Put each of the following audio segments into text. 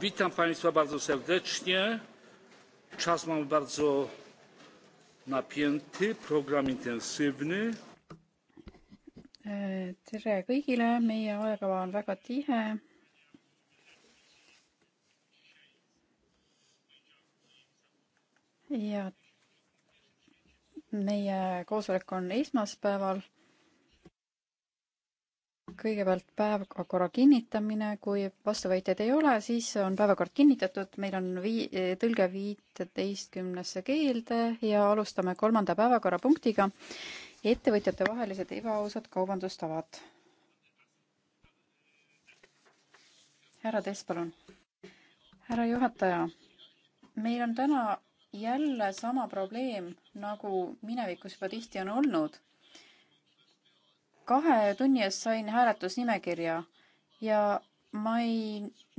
witam państwa bardzo serdecznie. czas mamy bardzo napięty programm intensywny. E, tere kõigile, meie ajakava on väga tihe. ja meie koosolek on esmaspäeval kõigepealt päevakorra kinnitamine, kui vastuväiteid ei ole, siis on päevakord kinnitatud, meil on vii-, tõlge viiteistkümnesse keelde ja alustame kolmanda päevakorrapunktiga, ettevõtjatevahelised ebaausad kaubandustavad. härra Tess, palun. härra juhataja, meil on täna jälle sama probleem, nagu minevikus juba tihti on olnud kahe tunni eest sain hääletusnimekirja ja ma ei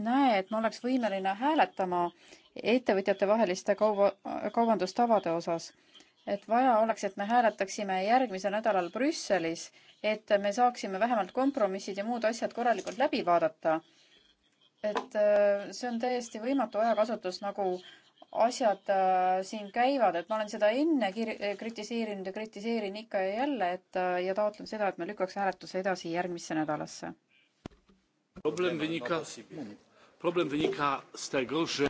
näe, et ma oleks võimeline hääletama ettevõtjate vaheliste kauba, kaubandustavade osas. et vaja oleks, et me hääletaksime järgmisel nädalal Brüsselis, et me saaksime vähemalt kompromissid ja muud asjad korralikult läbi vaadata. et äh, see on täiesti võimatu ajakasutus, nagu äh, asjad äh, siin käivad, et ma olen seda enne kir-, kritiseerinud ja kritiseerin ikka ja jälle, et äh, ja taotlen seda, et me lükkaks hääletuse edasi järgmisse nädalasse. probleem vinika, probleem vinika stegoši.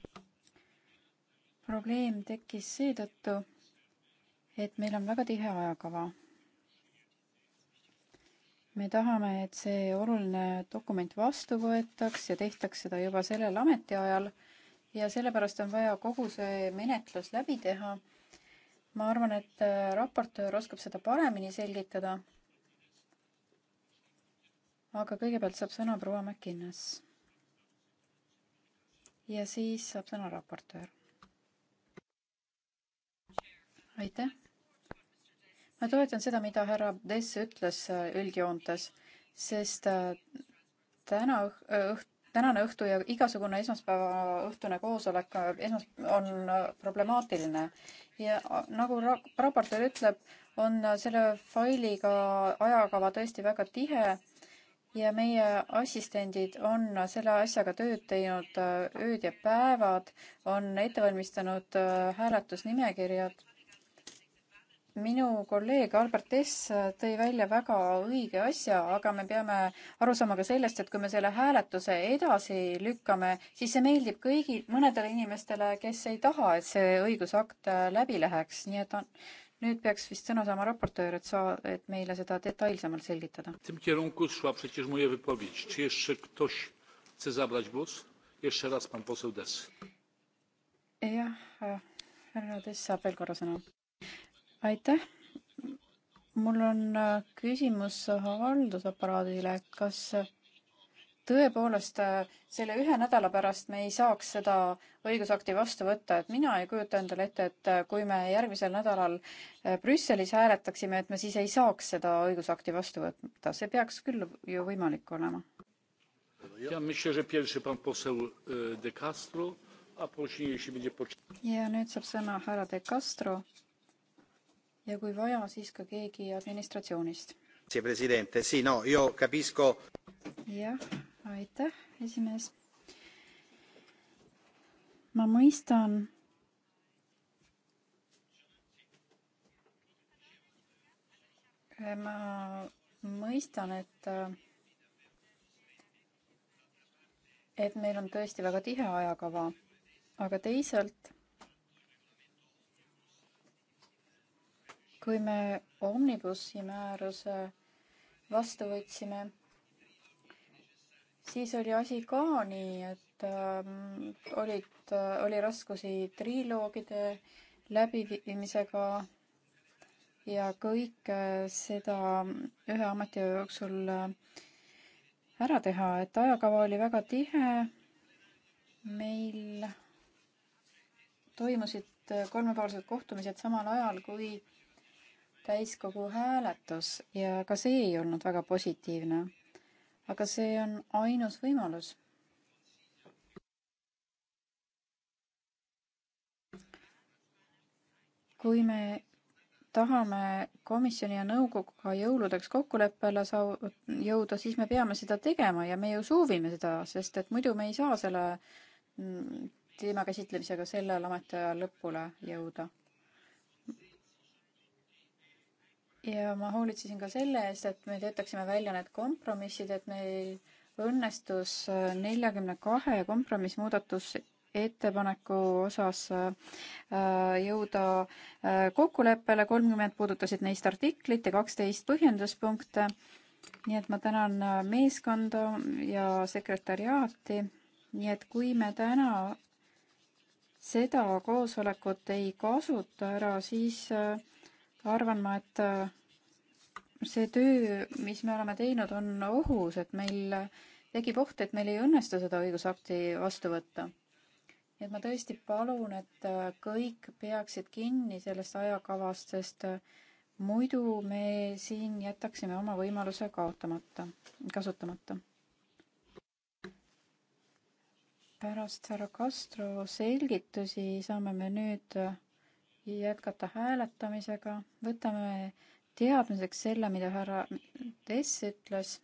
probleem tekkis seetõttu, et meil on väga tihe ajakava. me tahame, et see oluline dokument vastu võetaks ja tehtaks seda juba sellel ametiajal ja sellepärast on vaja kogu see menetlus läbi teha. ma arvan, et äh, raportöör oskab seda paremini selgitada. aga kõigepealt saab sõna proua McInnes. ja siis saab sõna raportöör. aitäh. ma toetan seda, mida härra Dess ütles äh, üldjoontes, sest äh, täna õht-, tänane õhtu ja igasugune esmaspäeva õhtune koosolek äh, esmas- on äh, problemaatiline ja nagu ra-, raportöör ütleb, on äh, selle failiga ajakava tõesti väga tihe ja meie assistendid on selle asjaga tööd teinud ööd ja päevad, on ette valmistanud hääletusnimekirjad minu kolleeg Albert S tõi välja väga õige asja, aga me peame aru saama ka sellest, et kui me selle hääletuse edasi lükkame, siis see meeldib kõigi, mõnedele inimestele, kes ei taha, et see õigusakt äh, läbi läheks, nii et on, nüüd peaks vist sõna saama raportöör, et saa, et meile seda detailsemalt selgitada. jah, härra Tess saab veel korra sõna aitäh! mul on äh, küsimus äh, haldusaparaadile, et kas äh, tõepoolest selle ühe nädala pärast me ei saaks seda õigusakti vastu võtta, et mina ei kujuta endale ette, et kui me järgmisel nädalal Brüsselis hääletaksime, et me siis ei saaks seda õigusakti vastu võtta, see peaks küll ju võimalik olema. ja nüüd saab sõna härra De Castro ja kui vaja, siis ka keegi administratsioonist. jah, aitäh, esimees. ma mõistan ma mõistan, et et meil on tõesti väga tihe ajakava, aga teisalt kui me omnibussi määruse vastu võtsime, siis oli asi ka nii, et ähm, olid äh,, oli raskusi triloogide läbiviimisega ja kõike seda ähm, ühe ametiaja jooksul äh, ära teha, et ajakava oli väga tihe. meil toimusid äh, kolmepoolsed kohtumised samal ajal, kui täiskogu hääletus ja ka see ei olnud väga positiivne. aga see on ainus võimalus. kui me tahame komisjoni ja nõukoguga jõuludeks kokkuleppele saa-, jõuda, siis me peame seda tegema ja me ju soovime seda, sest et muidu me ei saa selle mm, teema käsitlemisega sellel ametiajal lõpule jõuda ja ma hoolitsesin ka selle eest, et me töötaksime välja need kompromissid, et meil õnnestus äh, neljakümne kahe kompromissmuudatuse ettepaneku osas äh, jõuda äh, kokkuleppele, kolmkümmend puudutasid neist artiklit ja kaksteist põhjenduspunkte. nii et ma tänan meeskonda ja sekretäriaati. nii et kui me täna seda koosolekut ei kasuta ära, siis äh, arvan ma, et äh, see töö, mis me oleme teinud, on ohus, et meil tekib oht, et meil ei õnnestu seda õigusakti vastu võtta. nii et ma tõesti palun, et äh, kõik peaksid kinni sellest ajakavast, sest äh, muidu me siin jätaksime oma võimaluse kaotamata, kasutamata. pärast härra Castro selgitusi saame me nüüd jätkata hääletamisega, võtame teadmiseks selle, mida härra Tess ütles.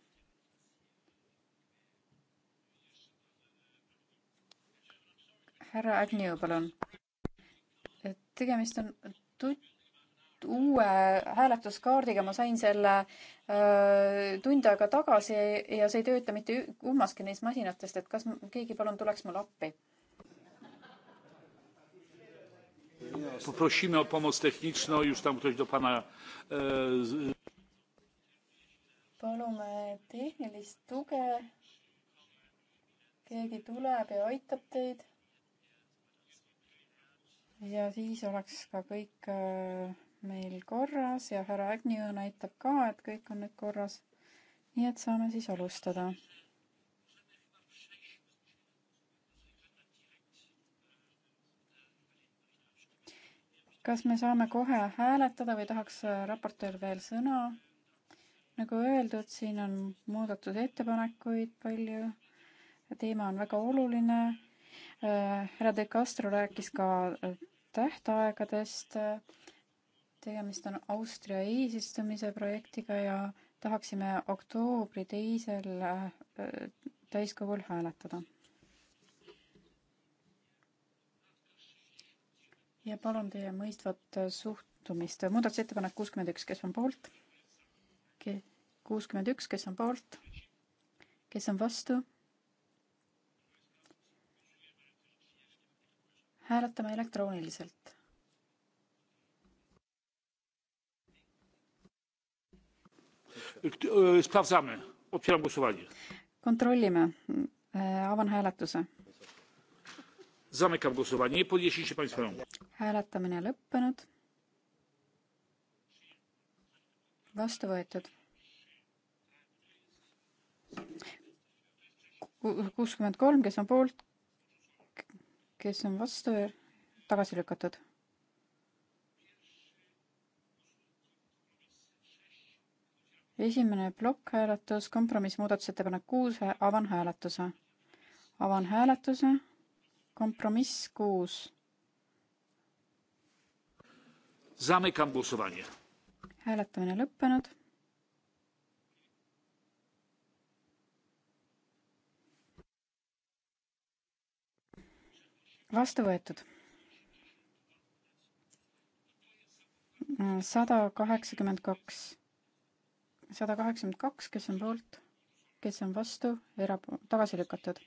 härra Agnew, palun. tegemist on tut-, uue hääletuskaardiga, ma sain selle öö, äh, tund aega tagasi ja see ei tööta mitte kummaski neist masinatest, et kas keegi palun tuleks mulle appi? poprosimy o pomoc tehniczną, już tam ktoś do pana. E, palume tehnilist tuge. keegi tuleb ja aitab teid. ja siis oleks ka kõik e, meil korras ja härra Agnew näitab ka, et kõik on nüüd korras. nii et saame siis alustada kas me saame kohe hääletada või tahaks äh, raportöör veel sõna? nagu öeldud, siin on muudatusettepanekuid palju. teema on väga oluline. Äh, härra De Castro rääkis ka äh, tähtaegadest. tegemist on Austria eesistumise projektiga ja tahaksime oktoobri teisel täiskogul hääletada ja palun teie mõistvat suhtumist. muudatusettepanek kuuskümmend üks, kes on poolt? kuuskümmend üks, kes on poolt? kes on vastu? hääletame elektrooniliselt. E, kontrollime, e, avan hääletuse Zamykam głosowanie. Podnieśliście Państwo rąk. Hääletamine lõppenud. Vastu võetud. 63, kes on poolt, kes on vastu, tagasi lükatud. esimene plokk hääletus, kompromissmuudatusettepanek kuus, avan hääletuse. avan hääletuse kompromiss kuus. hääletamine lõppenud. vastu võetud. sada kaheksakümmend kaks, sada kaheksakümmend kaks, kes on poolt, kes on vastu, era-, tagasi lükatud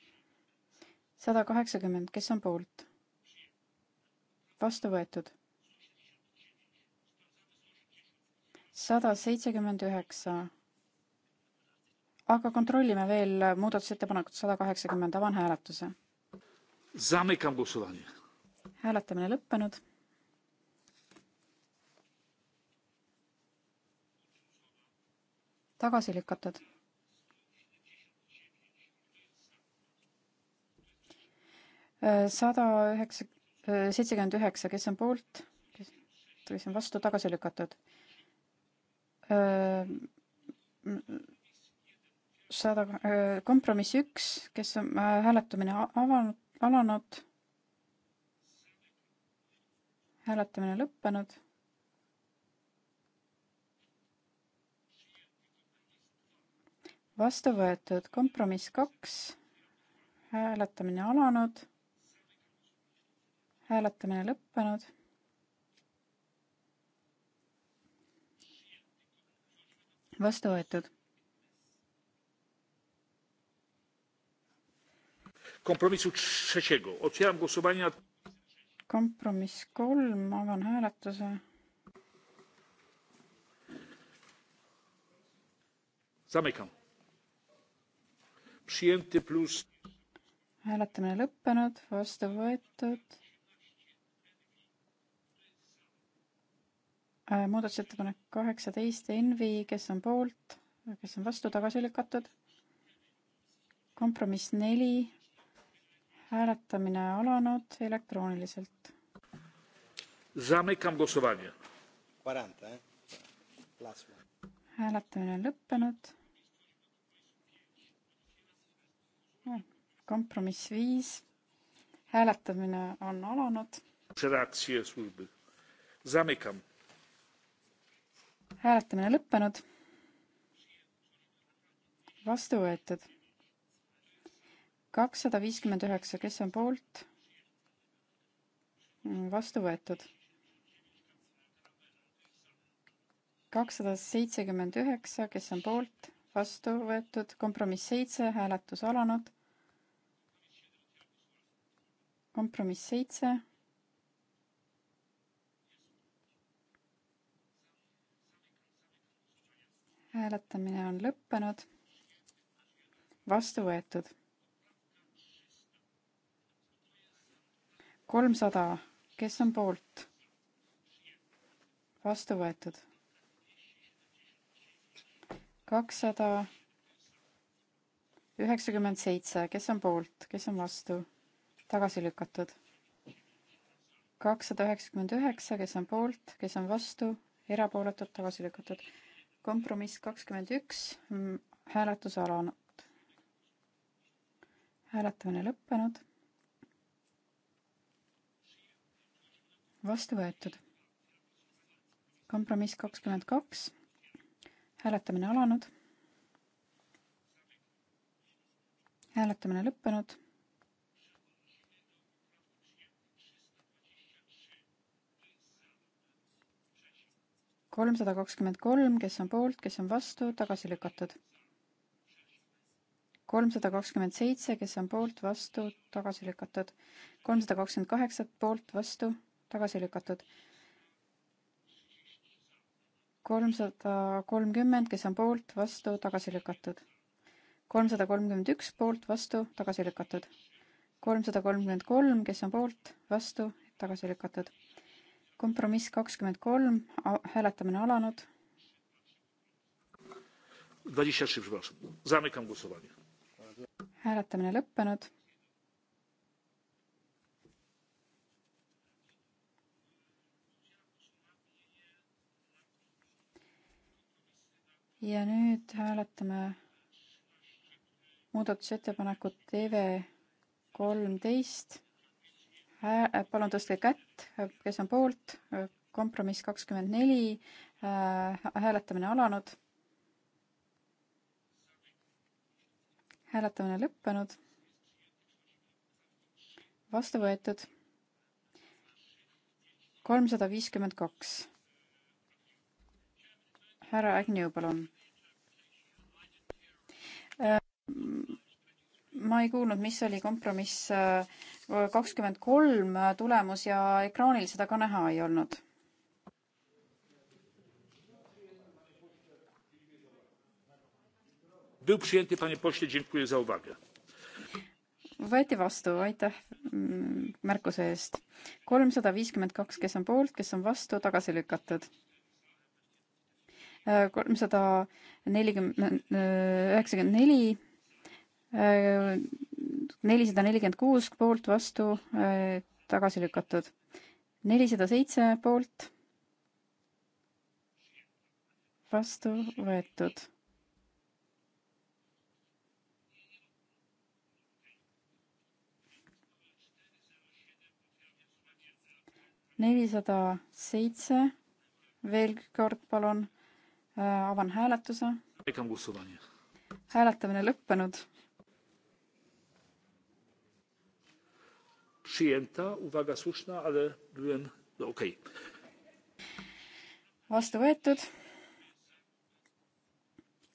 sada kaheksakümmend, kes on poolt? vastu võetud. sada seitsekümmend üheksa. aga kontrollime veel muudatusettepanekut sada kaheksakümmend, avan hääletuse. hääletamine lõppenud. tagasi lükatud sada üheksa, seitsekümmend üheksa, kes on poolt, kes, kes on vastu, tagasi lükatud. sada, kompromiss üks, kes on äh, hääletamine avanud, alanud. hääletamine lõppenud. vastu võetud kompromiss kaks, hääletamine alanud hääletamine lõppenud. vastu võetud. kompromissu trzeciego. Otwieram głosowania. Kompromiss kolm, avan hääletuse. Zamykam. Przyjęty plus. hääletamine lõppenud, vastu võetud Äh, muudatusettepanek kaheksateist, Envi, kes on poolt, kes on vastu, tagasi lükatud. kompromiss neli, hääletamine alanud elektrooniliselt. Eh? hääletamine on lõppenud. kompromiss viis, hääletamine on alanud. Zamykam hääletamine lõppenud. vastu võetud. kakssada viiskümmend üheksa, kes on poolt? Mm, vastu võetud. kakssada seitsekümmend üheksa, kes on poolt? vastu võetud. kompromiss seitse, hääletus alanud. kompromiss seitse hääletamine on lõppenud. vastu võetud. kolmsada, kes on poolt? vastu võetud. kakssada üheksakümmend seitse, kes on poolt, kes on vastu? tagasi lükatud. kakssada üheksakümmend üheksa, kes on poolt, kes on vastu, erapooletult tagasi lükatud kompromiss kakskümmend üks, mm, hääletus alanud. hääletamine lõppenud. vastu võetud. kompromiss kakskümmend kaks, hääletamine alanud. hääletamine lõppenud kolmsada kakskümmend kolm, kes on poolt, kes on vastu, tagasi lükatud. kolmsada kakskümmend seitse, kes on poolt, vastu, tagasi lükatud. kolmsada kakskümmend kaheksa, poolt, vastu, tagasi lükatud. kolmsada kolmkümmend, kes on poolt, vastu, tagasi lükatud. kolmsada kolmkümmend üks, poolt, vastu, tagasi lükatud. kolmsada kolmkümmend kolm, kes on poolt, vastu, tagasi lükatud kompromiss kakskümmend kolm, hääletamine alanud. hääletamine lõppenud. ja nüüd hääletame muudatusettepanekut TV kolmteist Äh, palun tõstke kätt, äh, kes on poolt, äh, kompromiss kakskümmend neli, hääletamine alanud. hääletamine lõppenud. vastu võetud. kolmsada viiskümmend kaks. härra Agnew, palun ma ei kuulnud, mis oli kompromiss kakskümmend kolm tulemus ja ekraanil seda ka näha ei olnud. võeti vastu, aitäh mm, märkuse eest. kolmsada viiskümmend kaks, kes on poolt, kes on vastu, tagasi lükatud äh, kolmsada nelikümmend, äh, üheksakümmend neli äh, nelisada nelikümmend kuus poolt, vastu, äh, tagasi lükatud. nelisada seitse poolt, vastu võetud. nelisada seitse, veel kord palun, äh, avan hääletuse. hääletamine lõppenud Przyjęta, uwaga słuszna, ale byłem no, okei okay.. vastu võetud.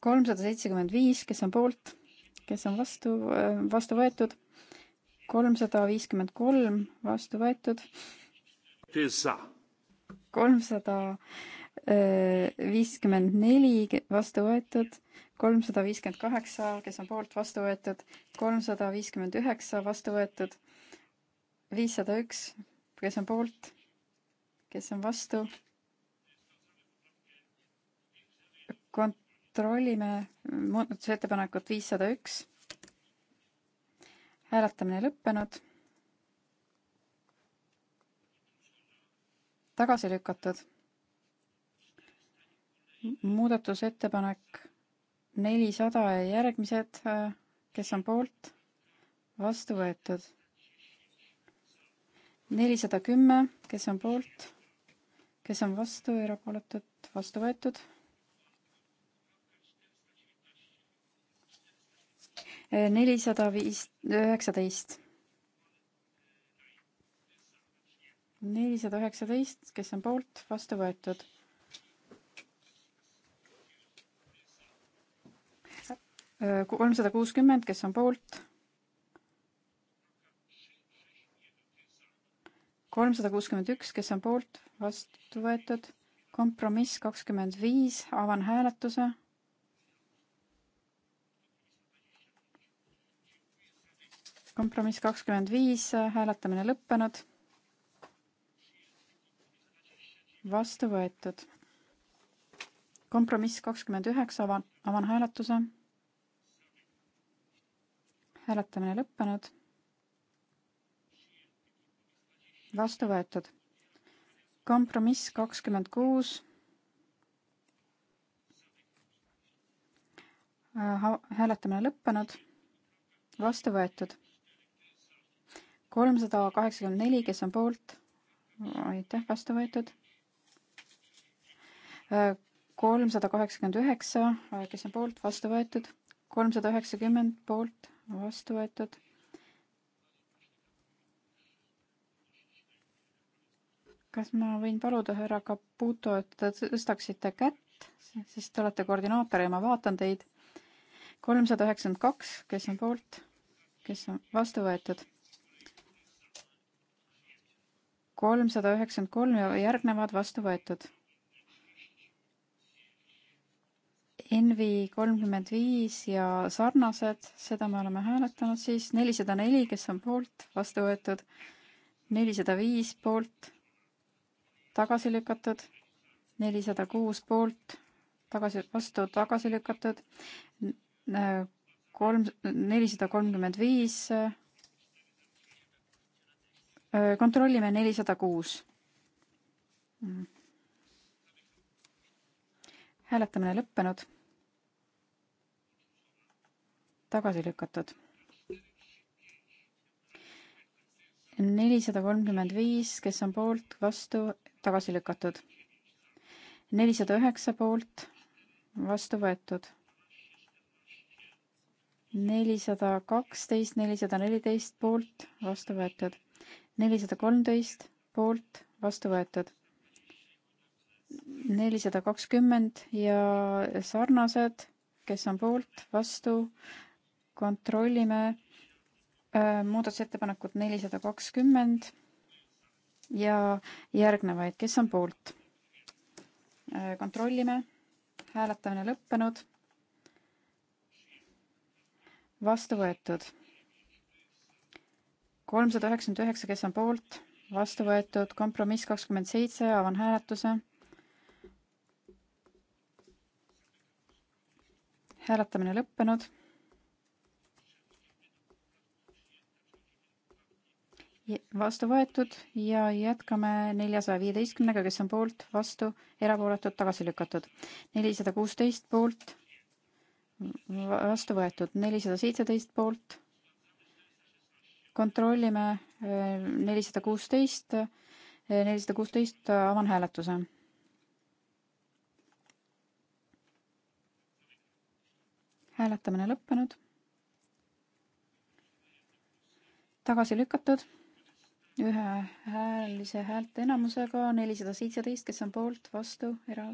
kolmsada seitsekümmend viis, kes on poolt, kes on vastu, vastu võetud. kolmsada viiskümmend kolm, vastu võetud. kolmsada viiskümmend neli, vastu võetud kolmsada viiskümmend kaheksa, kes on poolt vastu võetud, kolmsada viiskümmend üheksa vastu võetud, viissada üks, kes on poolt, kes on vastu. kontrollime muudatusettepanekut viissada üks. hääletamine lõppenud. tagasi lükatud. muudatusettepanek nelisada ja järgmised, kes on poolt, vastu võetud nelisada kümme, kes on poolt, kes on vastu, erapooletud, vastu võetud. nelisada viis, üheksateist. nelisada üheksateist, kes on poolt, vastu võetud kolmsada kuuskümmend, kes on poolt, kolmsada kuuskümmend üks, kes on poolt, vastu võetud. kompromiss kakskümmend viis, avan hääletuse. kompromiss kakskümmend viis, hääletamine lõppenud. vastu võetud. kompromiss kakskümmend üheksa, avan, avan hääletuse. hääletamine lõppenud vastu võetud. kompromiss kakskümmend kuus. hääletamine lõppenud, vastu võetud. kolmsada kaheksakümmend neli, kes on poolt, aitäh, vastu võetud. kolmsada kaheksakümmend üheksa, kes on poolt, vastu võetud. kolmsada üheksakümmend poolt, vastu võetud kas ma võin paluda, härra Caputo, et te tõstaksite kätt, sest te olete koordinaator ja ma vaatan teid. kolmsada üheksakümmend kaks, kes on poolt, kes on vastu võetud? kolmsada üheksakümmend kolm ja järgnevad vastu võetud. Envi kolmkümmend viis ja sarnased, seda me oleme hääletanud siis, nelisada neli, kes on poolt, vastu võetud, nelisada viis poolt tagasi lükatud, nelisada kuus poolt tagasi, vastu tagasi lükatud, kolm, nelisada kolmkümmend viis. kontrollime nelisada kuus. hääletamine lõppenud. tagasi lükatud nelisada kolmkümmend viis, kes on poolt, vastu, tagasi lükatud. nelisada üheksa poolt, vastu võetud. nelisada kaksteist, nelisada neliteist poolt, vastu võetud. nelisada kolmteist poolt, vastu võetud. nelisada kakskümmend ja sarnased, kes on poolt, vastu, kontrollime äh, muudatusettepanekut nelisada kakskümmend ja järgnevaid, kes on poolt? Äh, kontrollime, hääletamine lõppenud. vastu võetud. kolmsada üheksakümmend üheksa, kes on poolt, vastu võetud, kompromiss kakskümmend seitse, avan hääletuse. hääletamine lõppenud vastu võetud ja jätkame neljasaja viieteistkümnega, kes on poolt, vastu, erapooletud, tagasi lükatud. nelisada kuusteist poolt, vastu võetud, nelisada seitseteist poolt. kontrollime äh, nelisada kuusteist, äh, nelisada kuusteist, avan hääletuse. hääletamine lõppenud tagasi lükatud ühehäälise häälteenamusega nelisada seitseteist, kes on poolt, vastu, era-,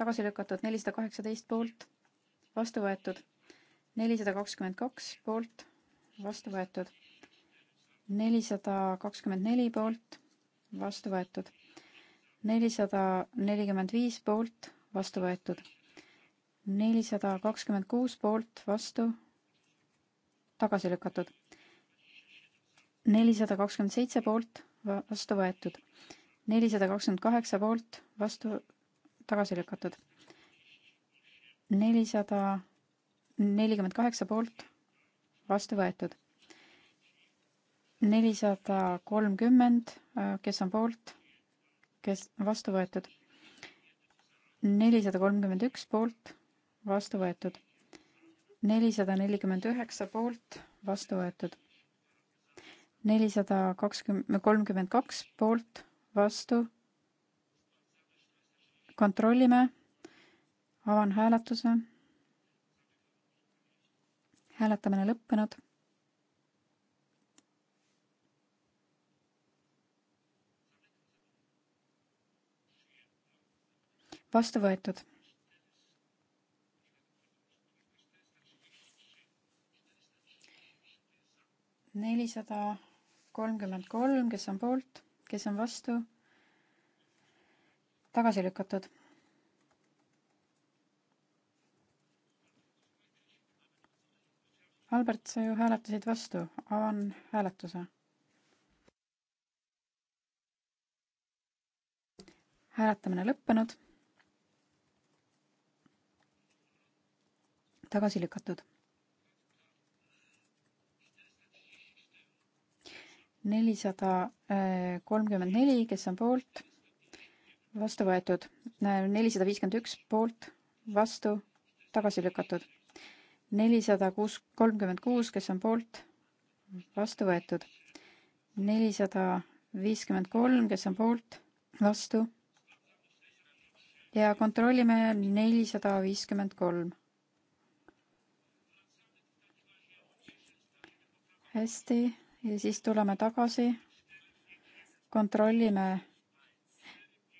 tagasi lükatud, nelisada kaheksateist poolt, vastu võetud, nelisada kakskümmend kaks poolt, vastu võetud, nelisada kakskümmend neli poolt, vastu võetud, nelisada nelikümmend viis poolt, vastu võetud, nelisada kakskümmend kuus poolt, vastu, tagasi lükatud nelisada kakskümmend seitse poolt, vastu võetud. nelisada kakskümmend kaheksa poolt, vastu, tagasi lükatud. nelisada nelikümmend kaheksa poolt, vastu võetud. nelisada kolmkümmend, äh, kes on poolt, kes vastu võetud. nelisada kolmkümmend üks poolt, vastu võetud. nelisada nelikümmend üheksa poolt, vastu võetud nelisada kakskümmend, kolmkümmend kaks poolt, vastu. kontrollime. avan hääletuse. hääletamine lõppenud. vastu võetud nelisada kolmkümmend kolm, kes on poolt, kes on vastu, tagasi lükatud. Albert, sa ju hääletasid vastu, avan hääletuse. hääletamine lõppenud. tagasi lükatud. nelisada äh, kolmkümmend neli, kes on poolt, vastu võetud, äh, nelisada viiskümmend üks poolt, vastu, tagasi lükatud, nelisada kuus, kolmkümmend kuus, kes on poolt, vastu võetud, nelisada viiskümmend kolm, kes on poolt, vastu ja kontrollime nelisada viiskümmend kolm. hästi, ja siis tuleme tagasi, kontrollime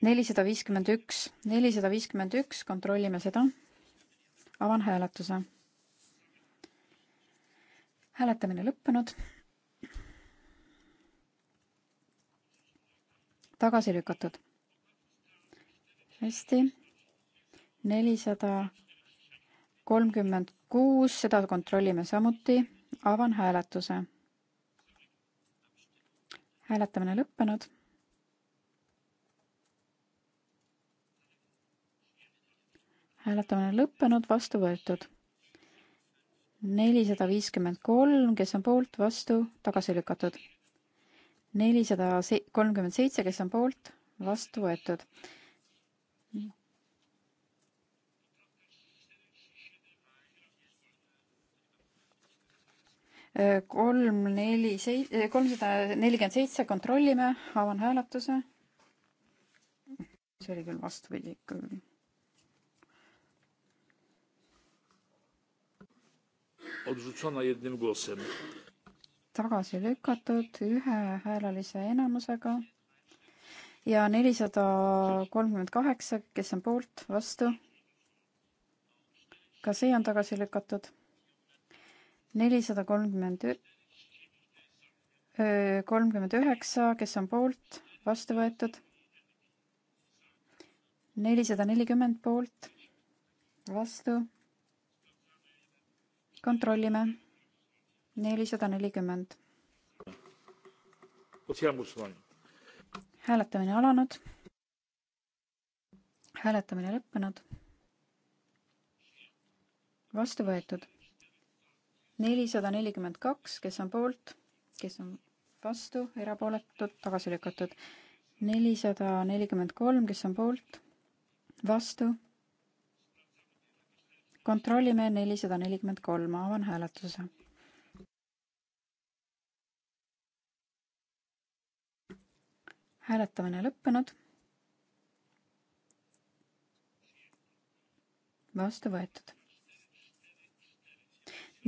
nelisada viiskümmend üks, nelisada viiskümmend üks, kontrollime seda. avan hääletuse. hääletamine lõppenud. tagasi lükatud. hästi. nelisada kolmkümmend kuus, seda kontrollime samuti. avan hääletuse hääletamine lõppenud. hääletamine lõppenud, vastu võetud. nelisada viiskümmend kolm, kes on poolt, vastu, tagasi lükatud. nelisada kolmkümmend seitse, kes on poolt, vastu võetud. kolm, neli, seitse, eh, kolmsada nelikümmend seitse, kontrollime, avan hääletuse. see oli küll vastupidi küll. tagasi lükatud ühehäälelise enamusega ja nelisada kolmkümmend kaheksa, kes on poolt, vastu. ka see on tagasi lükatud nelisada kolmkümmend kolmkümmend üheksa, kes on poolt, vastu võetud. nelisada nelikümmend poolt, vastu. kontrollime. nelisada nelikümmend. hääletamine alanud. hääletamine lõppenud. vastu võetud nelisada nelikümmend kaks, kes on poolt, kes on vastu, erapooletud, tagasi lükatud. nelisada nelikümmend kolm, kes on poolt, vastu. kontrollime nelisada nelikümmend kolm, avan hääletuse. hääletamine lõppenud. vastu võetud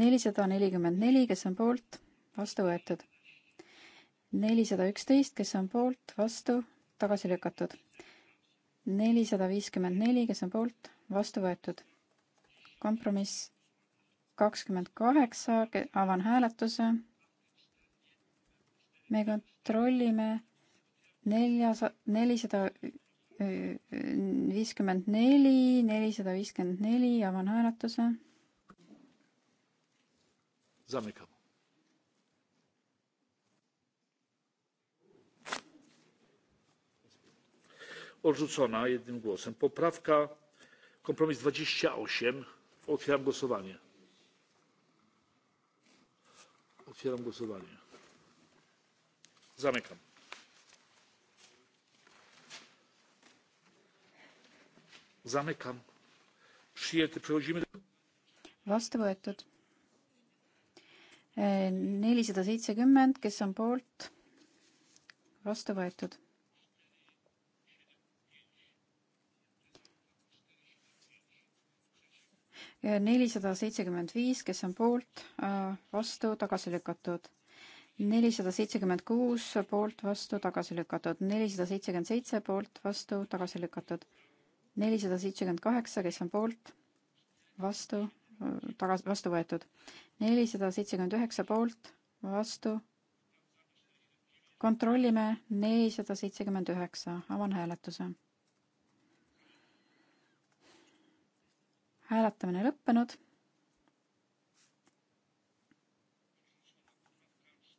nelisada nelikümmend neli, kes on poolt, vastu võetud. nelisada üksteist, kes on poolt, vastu, tagasi lükatud. nelisada viiskümmend neli, kes on poolt, vastu võetud. kompromiss kakskümmend kaheksa, avan hääletuse. me kontrollime neljasaja, nelisada viiskümmend neli, nelisada viiskümmend neli, avan hääletuse zamykam. odrzucona jednym głosem. poprawka kompromis dwadzieścia osiem otwieram głosowanie. otwieram głosowanie. zamykam. zamykam. przyjęty. przechodzimy do. vastu võetud nelisada seitsekümmend, kes on poolt, vastu võetud. nelisada seitsekümmend viis, kes on poolt, vastu, tagasi lükatud. nelisada seitsekümmend kuus poolt, vastu, tagasi lükatud. nelisada seitsekümmend seitse poolt, vastu, tagasi lükatud. nelisada seitsekümmend kaheksa, kes on poolt, vastu, Äh, tagasi, vastu võetud. nelisada seitsekümmend üheksa poolt, vastu. kontrollime nelisada seitsekümmend üheksa, avan hääletuse. hääletamine lõppenud.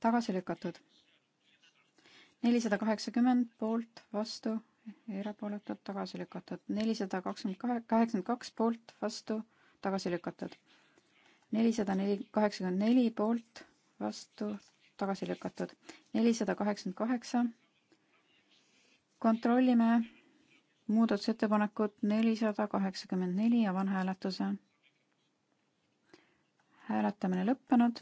tagasi lükatud. nelisada kaheksakümmend poolt, vastu, erapooletult tagasi lükatud. nelisada kakskümmend kahe, kaheksakümmend kaks poolt, vastu tagasi lükatud. nelisada neli, kaheksakümmend neli poolt, vastu, tagasi lükatud. nelisada kaheksakümmend kaheksa. kontrollime muudatusettepanekut nelisada kaheksakümmend neli, avan hääletuse. hääletamine lõppenud.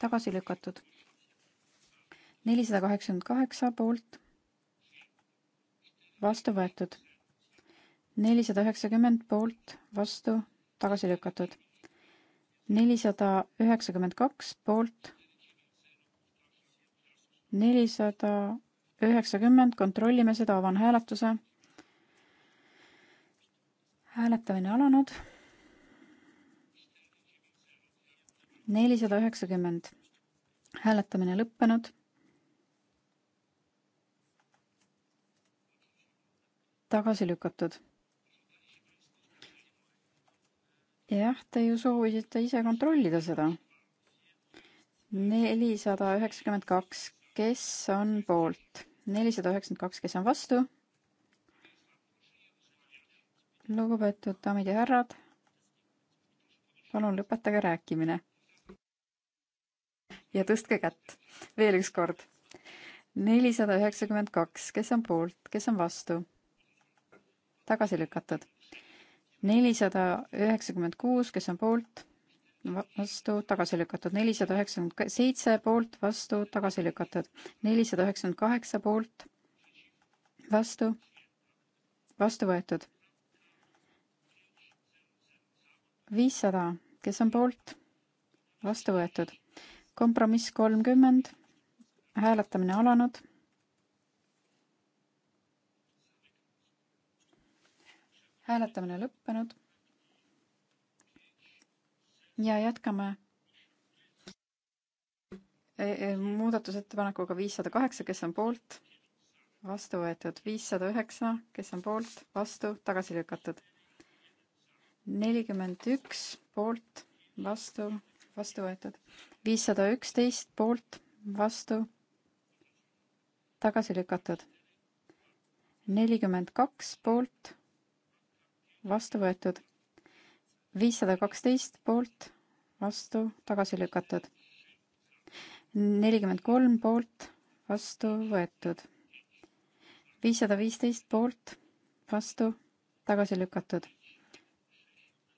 tagasi lükatud. nelisada kaheksakümmend kaheksa poolt vastu võetud nelisada üheksakümmend poolt, vastu, tagasi lükatud. nelisada üheksakümmend kaks poolt, nelisada üheksakümmend, kontrollime seda, avan hääletuse. hääletamine alanud. nelisada üheksakümmend, hääletamine lõppenud tagasi lükatud. jah, te ju soovisite ise kontrollida seda. nelisada üheksakümmend kaks, kes on poolt? nelisada üheksakümmend kaks, kes on vastu? lugupeetud daamid ja härrad, palun lõpetage rääkimine. ja tõstke kätt veel üks kord. nelisada üheksakümmend kaks, kes on poolt, kes on vastu? tagasi lükatud nelisada üheksakümmend kuus, kes on poolt, vastu, tagasi lükatud, nelisada üheksakümmend seitse poolt, vastu, tagasi lükatud, nelisada üheksakümmend kaheksa poolt, vastu, vastu võetud. viissada, kes on poolt, vastu võetud, kompromiss kolmkümmend, hääletamine alanud hääletamine lõppenud. ja jätkame e, e, muudatusettepanekuga viissada kaheksa, kes on poolt, vastu võetud, viissada üheksa, kes on poolt, vastu, tagasi lükatud. nelikümmend üks poolt, vastu, vastu võetud, viissada üksteist poolt, vastu, tagasi lükatud. nelikümmend kaks poolt, vastu võetud. viissada kaksteist poolt, vastu, tagasi lükatud. nelikümmend kolm poolt, vastu võetud. viissada viisteist poolt, vastu, tagasi lükatud.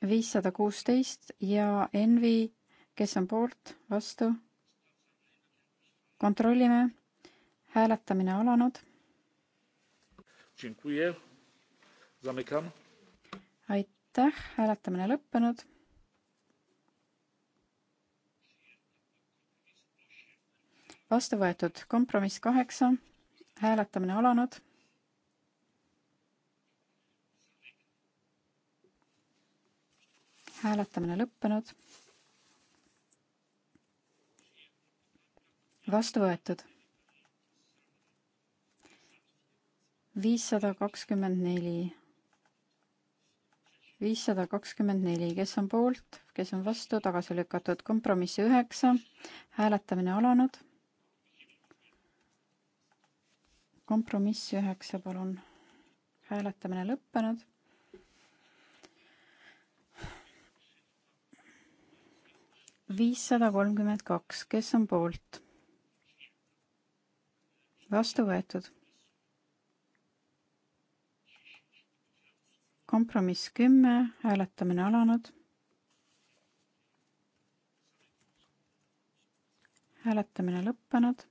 viissada kuusteist ja Envi, kes on poolt, vastu. kontrollime, hääletamine alanud. Dziękuję. Zamykam aitäh, hääletamine lõppenud. vastu võetud kompromiss kaheksa, hääletamine alanud hääletamine lõppenud. vastu võetud. viissada kakskümmend neli viissada kakskümmend neli, kes on poolt, kes on vastu, tagasi lükatud, kompromiss üheksa, hääletamine alanud. kompromiss üheksa, palun, hääletamine lõppenud. viissada kolmkümmend kaks, kes on poolt? vastu võetud kompromiss kümme, hääletamine alanud. hääletamine lõppenud.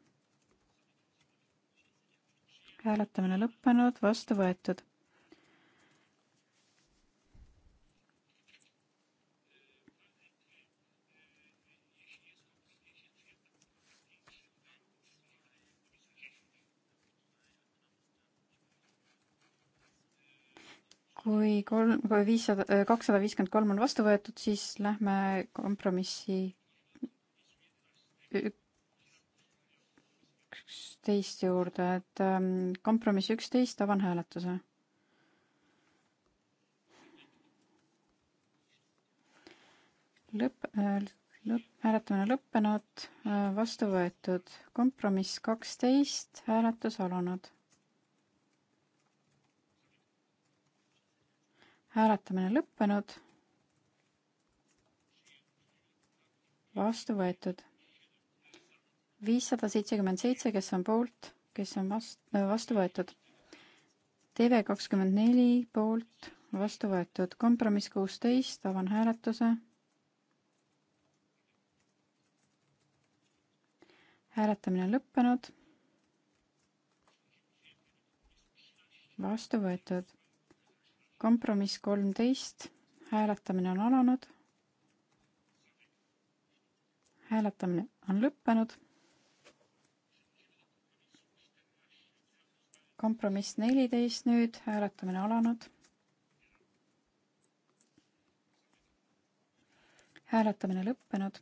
hääletamine lõppenud, vastu võetud. kui kolm, kui viissada, äh, kakssada viiskümmend kolm on vastu võetud, siis lähme kompromissi üksteist juurde, et ähm, kompromiss üksteist, avan hääletuse. lõpp, äh, lõpp, hääletamine lõppenud, äh, vastu võetud, kompromiss kaksteist, hääletus alanud hääletamine lõppenud. vastu võetud. viissada seitsekümmend seitse, kes on poolt, kes on vast-, vastu võetud. TV kakskümmend neli poolt, vastu võetud. kompromiss kuusteist, avan hääletuse hääletamine on lõppenud. vastu võetud kompromiss kolmteist, hääletamine on alanud. hääletamine on lõppenud. kompromiss neliteist nüüd, hääletamine alanud. hääletamine lõppenud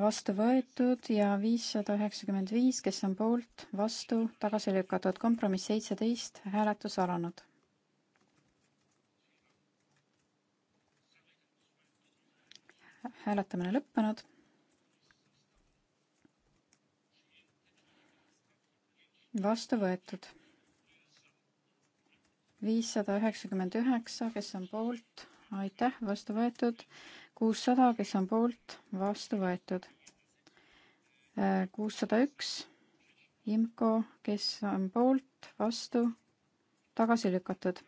vastu võetud ja viissada üheksakümmend viis, kes on poolt, vastu, tagasi lükatud. kompromiss seitseteist, hääletus alanud. hääletamine lõppenud. vastu võetud. viissada üheksakümmend üheksa, kes on poolt, aitäh, vastu võetud kuussada, kes on poolt, vastu võetud. Äh, kuussada üks, IMCO, kes on poolt, vastu, tagasi lükatud.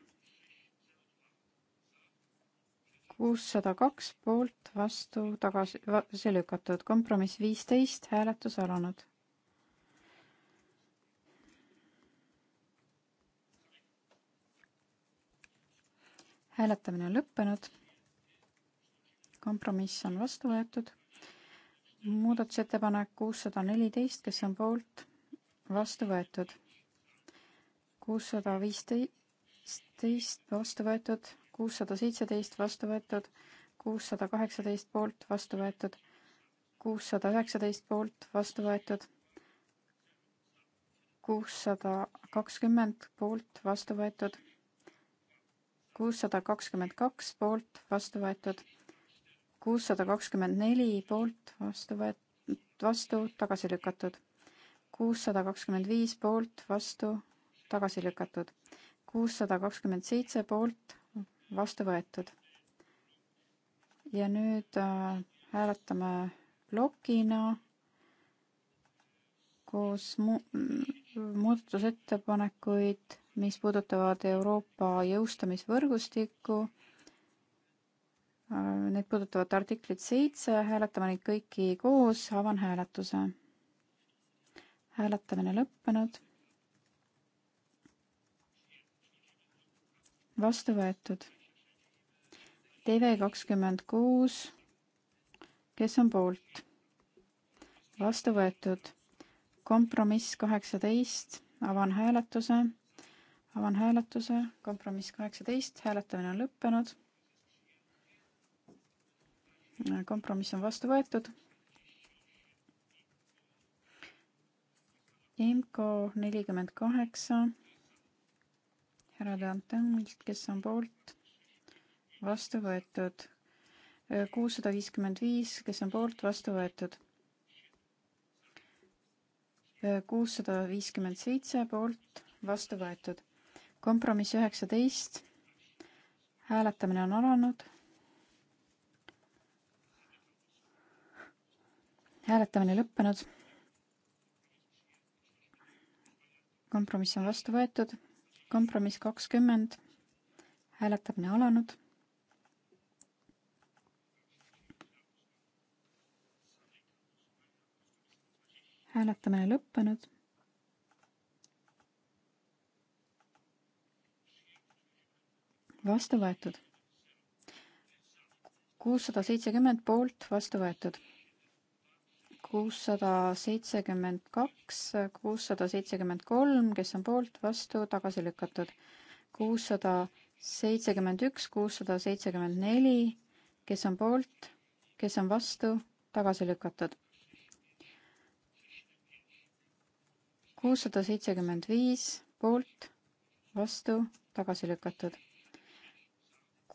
kuussada kaks poolt, vastu, tagasi, tagasi lükatud. kompromiss viisteist, hääletus alanud. hääletamine on lõppenud kompromiss on vastu võetud. muudatusettepanek kuussada neliteist, kes on poolt, vastu võetud. kuussada viisteist vastu võetud, kuussada seitseteist vastu võetud, kuussada kaheksateist poolt vastu võetud, kuussada üheksateist poolt vastu võetud, kuussada kakskümmend poolt vastu võetud kuussada kakskümmend kaks poolt, vastu võetud kuussada kakskümmend neli poolt vastu võet-, vastu tagasi lükatud. kuussada kakskümmend viis poolt vastu tagasi lükatud. kuussada kakskümmend seitse poolt vastu võetud. ja nüüd äh, hääletame plokina koos mu-, muudatusettepanekuid, mis puudutavad Euroopa jõustamisvõrgustikku Need puudutavad artiklit seitse, hääletame neid kõiki koos, avan hääletuse. hääletamine lõppenud. vastu võetud. TV kakskümmend kuus, kes on poolt? vastu võetud. kompromiss kaheksateist, avan hääletuse avan hääletuse, kompromiss kaheksateist, hääletamine on lõppenud kompromiss on vastu võetud. IMCO nelikümmend kaheksa härra Dantonilt, kes on poolt, vastu võetud. kuussada viiskümmend viis, kes on poolt, vastu võetud. kuussada viiskümmend seitse poolt, vastu võetud. kompromiss üheksateist. hääletamine on alanud hääletamine lõppenud. kompromiss on vastu võetud, kompromiss kakskümmend, hääletamine alanud. hääletamine lõppenud. vastu võetud kuussada seitsekümmend poolt vastu võetud kuussada seitsekümmend kaks, kuussada seitsekümmend kolm, kes on poolt, vastu, tagasi lükatud. kuussada seitsekümmend üks, kuussada seitsekümmend neli, kes on poolt, kes on vastu, tagasi lükatud. kuussada seitsekümmend viis poolt, vastu, tagasi lükatud.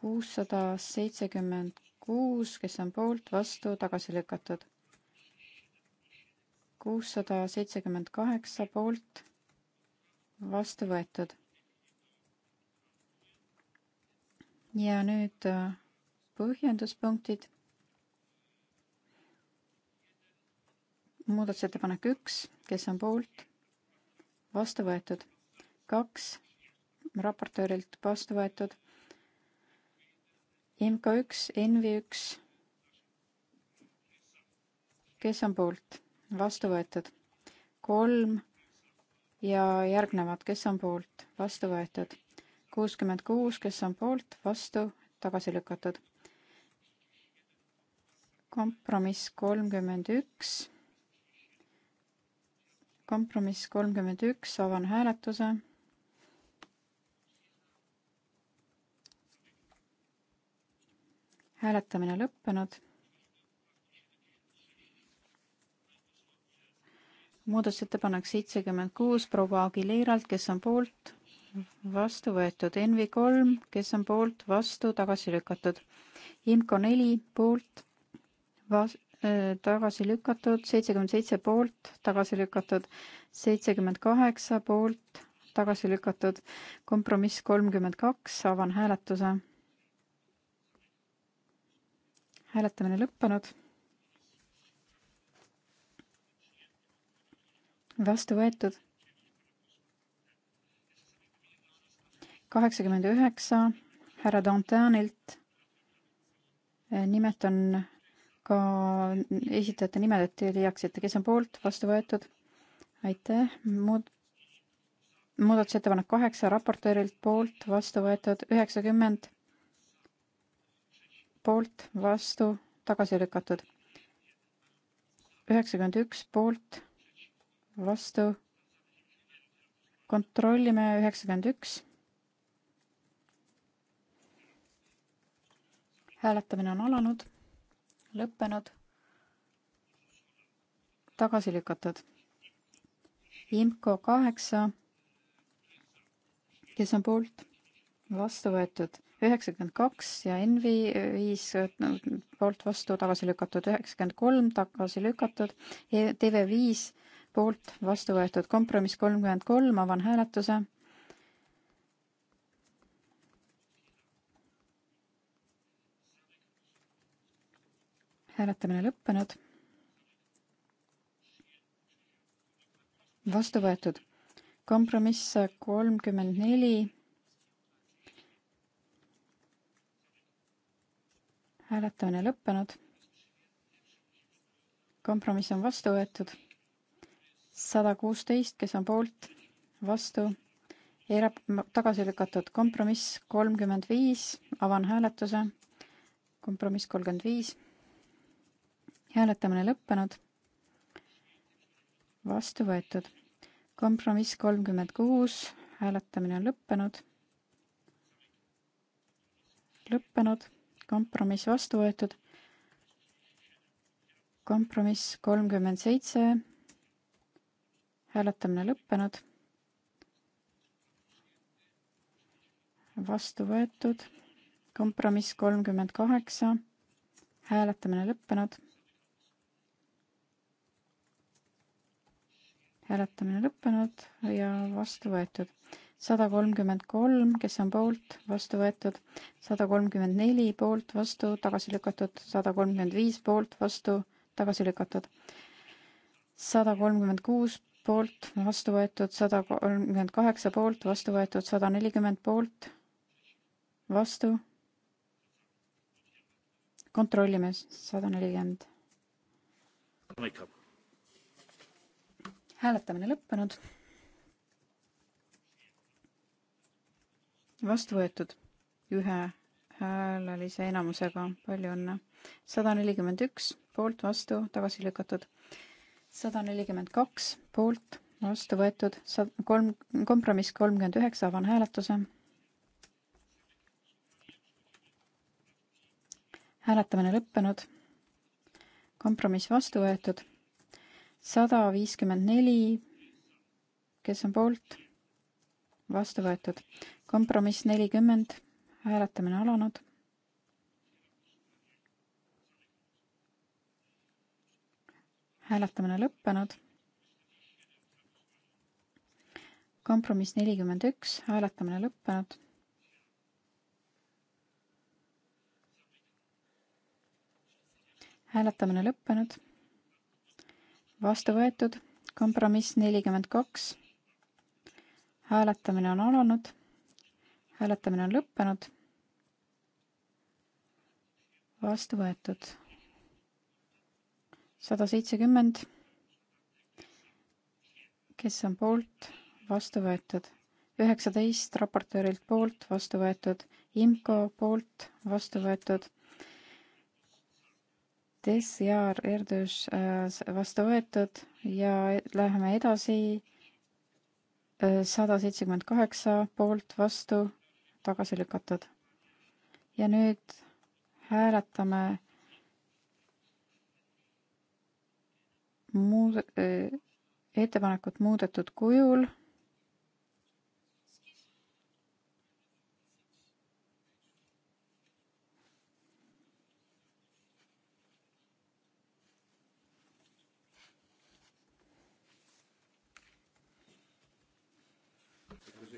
kuussada seitsekümmend kuus, kes on poolt, vastu, tagasi lükatud kuussada seitsekümmend kaheksa poolt, vastu võetud. ja nüüd äh, põhjenduspunktid. muudatusettepanek üks, kes on poolt, vastu võetud. kaks, raportöörilt vastu võetud. MK üks, NV üks. kes on poolt? vastu võetud. kolm ja järgnevad, kes on poolt, vastu võetud. kuuskümmend kuus, kes on poolt, vastu, tagasi lükatud. kompromiss kolmkümmend üks. kompromiss kolmkümmend üks, avan hääletuse hääletamine lõppenud muudatusettepanek seitsekümmend kuus proua Aguileralt, kes on poolt, vastu võetud, NV kolm, kes on poolt, vastu, tagasi lükatud. IMCO neli poolt, vas-, äh, tagasi lükatud, seitsekümmend seitse poolt, tagasi lükatud, seitsekümmend kaheksa poolt, tagasi lükatud, kompromiss kolmkümmend kaks, avan hääletuse. hääletamine lõppenud vastu võetud. kaheksakümmend üheksa härra Dantanilt. Eh, nimetan ka esitajate nimed, et te leiaksite, kes on poolt, vastu võetud. aitäh, muud, muudatusettepanek kaheksa raportöörilt poolt, vastu võetud üheksakümmend, poolt, vastu, tagasi lükatud. üheksakümmend üks poolt vastu. kontrollime üheksakümmend üks. hääletamine on alanud, lõppenud, tagasi lükatud. IMCO kaheksa, kes on poolt, vastu võetud üheksakümmend kaks ja Envi viis poolt vastu tagasi lükatud, üheksakümmend kolm tagasi lükatud, e-, TV viis poolt, vastu võetud kompromiss kolmkümmend kolm, avan hääletuse. hääletamine lõppenud. vastu võetud kompromiss kolmkümmend neli. hääletamine lõppenud. kompromiss on vastu võetud sada kuusteist, kes on poolt, vastu, erap-, tagasi lükatud. kompromiss kolmkümmend viis, avan hääletuse. kompromiss kolmkümmend viis. hääletamine lõppenud. vastu võetud. kompromiss kolmkümmend kuus, hääletamine on lõppenud. lõppenud, kompromiss vastu võetud. kompromiss kolmkümmend seitse hääletamine lõppenud. vastu võetud, kompromiss kolmkümmend kaheksa, hääletamine lõppenud. hääletamine lõppenud ja vastu võetud. sada kolmkümmend kolm, kes on poolt, vastu võetud, sada kolmkümmend neli poolt, vastu, tagasi lükatud, sada kolmkümmend viis poolt, vastu, tagasi lükatud, sada kolmkümmend kuus poolt, vastu võetud sada kolmkümmend kaheksa poolt, vastu võetud sada nelikümmend poolt, vastu. kontrollime sada nelikümmend. hääletamine lõppenud. vastu võetud ühehäälelise enamusega, palju õnne. sada nelikümmend üks poolt, vastu, tagasi lükatud sada nelikümmend kaks poolt, vastu võetud, sa-, kolm, kompromiss kolmkümmend üheksa, avan hääletuse. hääletamine lõppenud. kompromiss vastu võetud. sada viiskümmend neli, kes on poolt, vastu võetud. kompromiss nelikümmend, hääletamine alanud hääletamine lõppenud. kompromiss nelikümmend üks, hääletamine lõppenud. hääletamine lõppenud. vastu võetud, kompromiss nelikümmend kaks. hääletamine on alanud. hääletamine on lõppenud. vastu võetud sada seitsekümmend, kes on poolt, vastu võetud. üheksateist raportöörilt poolt, vastu võetud. IMCO poolt, vastu võetud. DES ja ERDÖS äh, vastu võetud ja läheme edasi. Äh, sada seitsekümmend kaheksa poolt, vastu, tagasi lükatud. ja nüüd hääletame muud-, äh, ettepanekut muudetud kujul.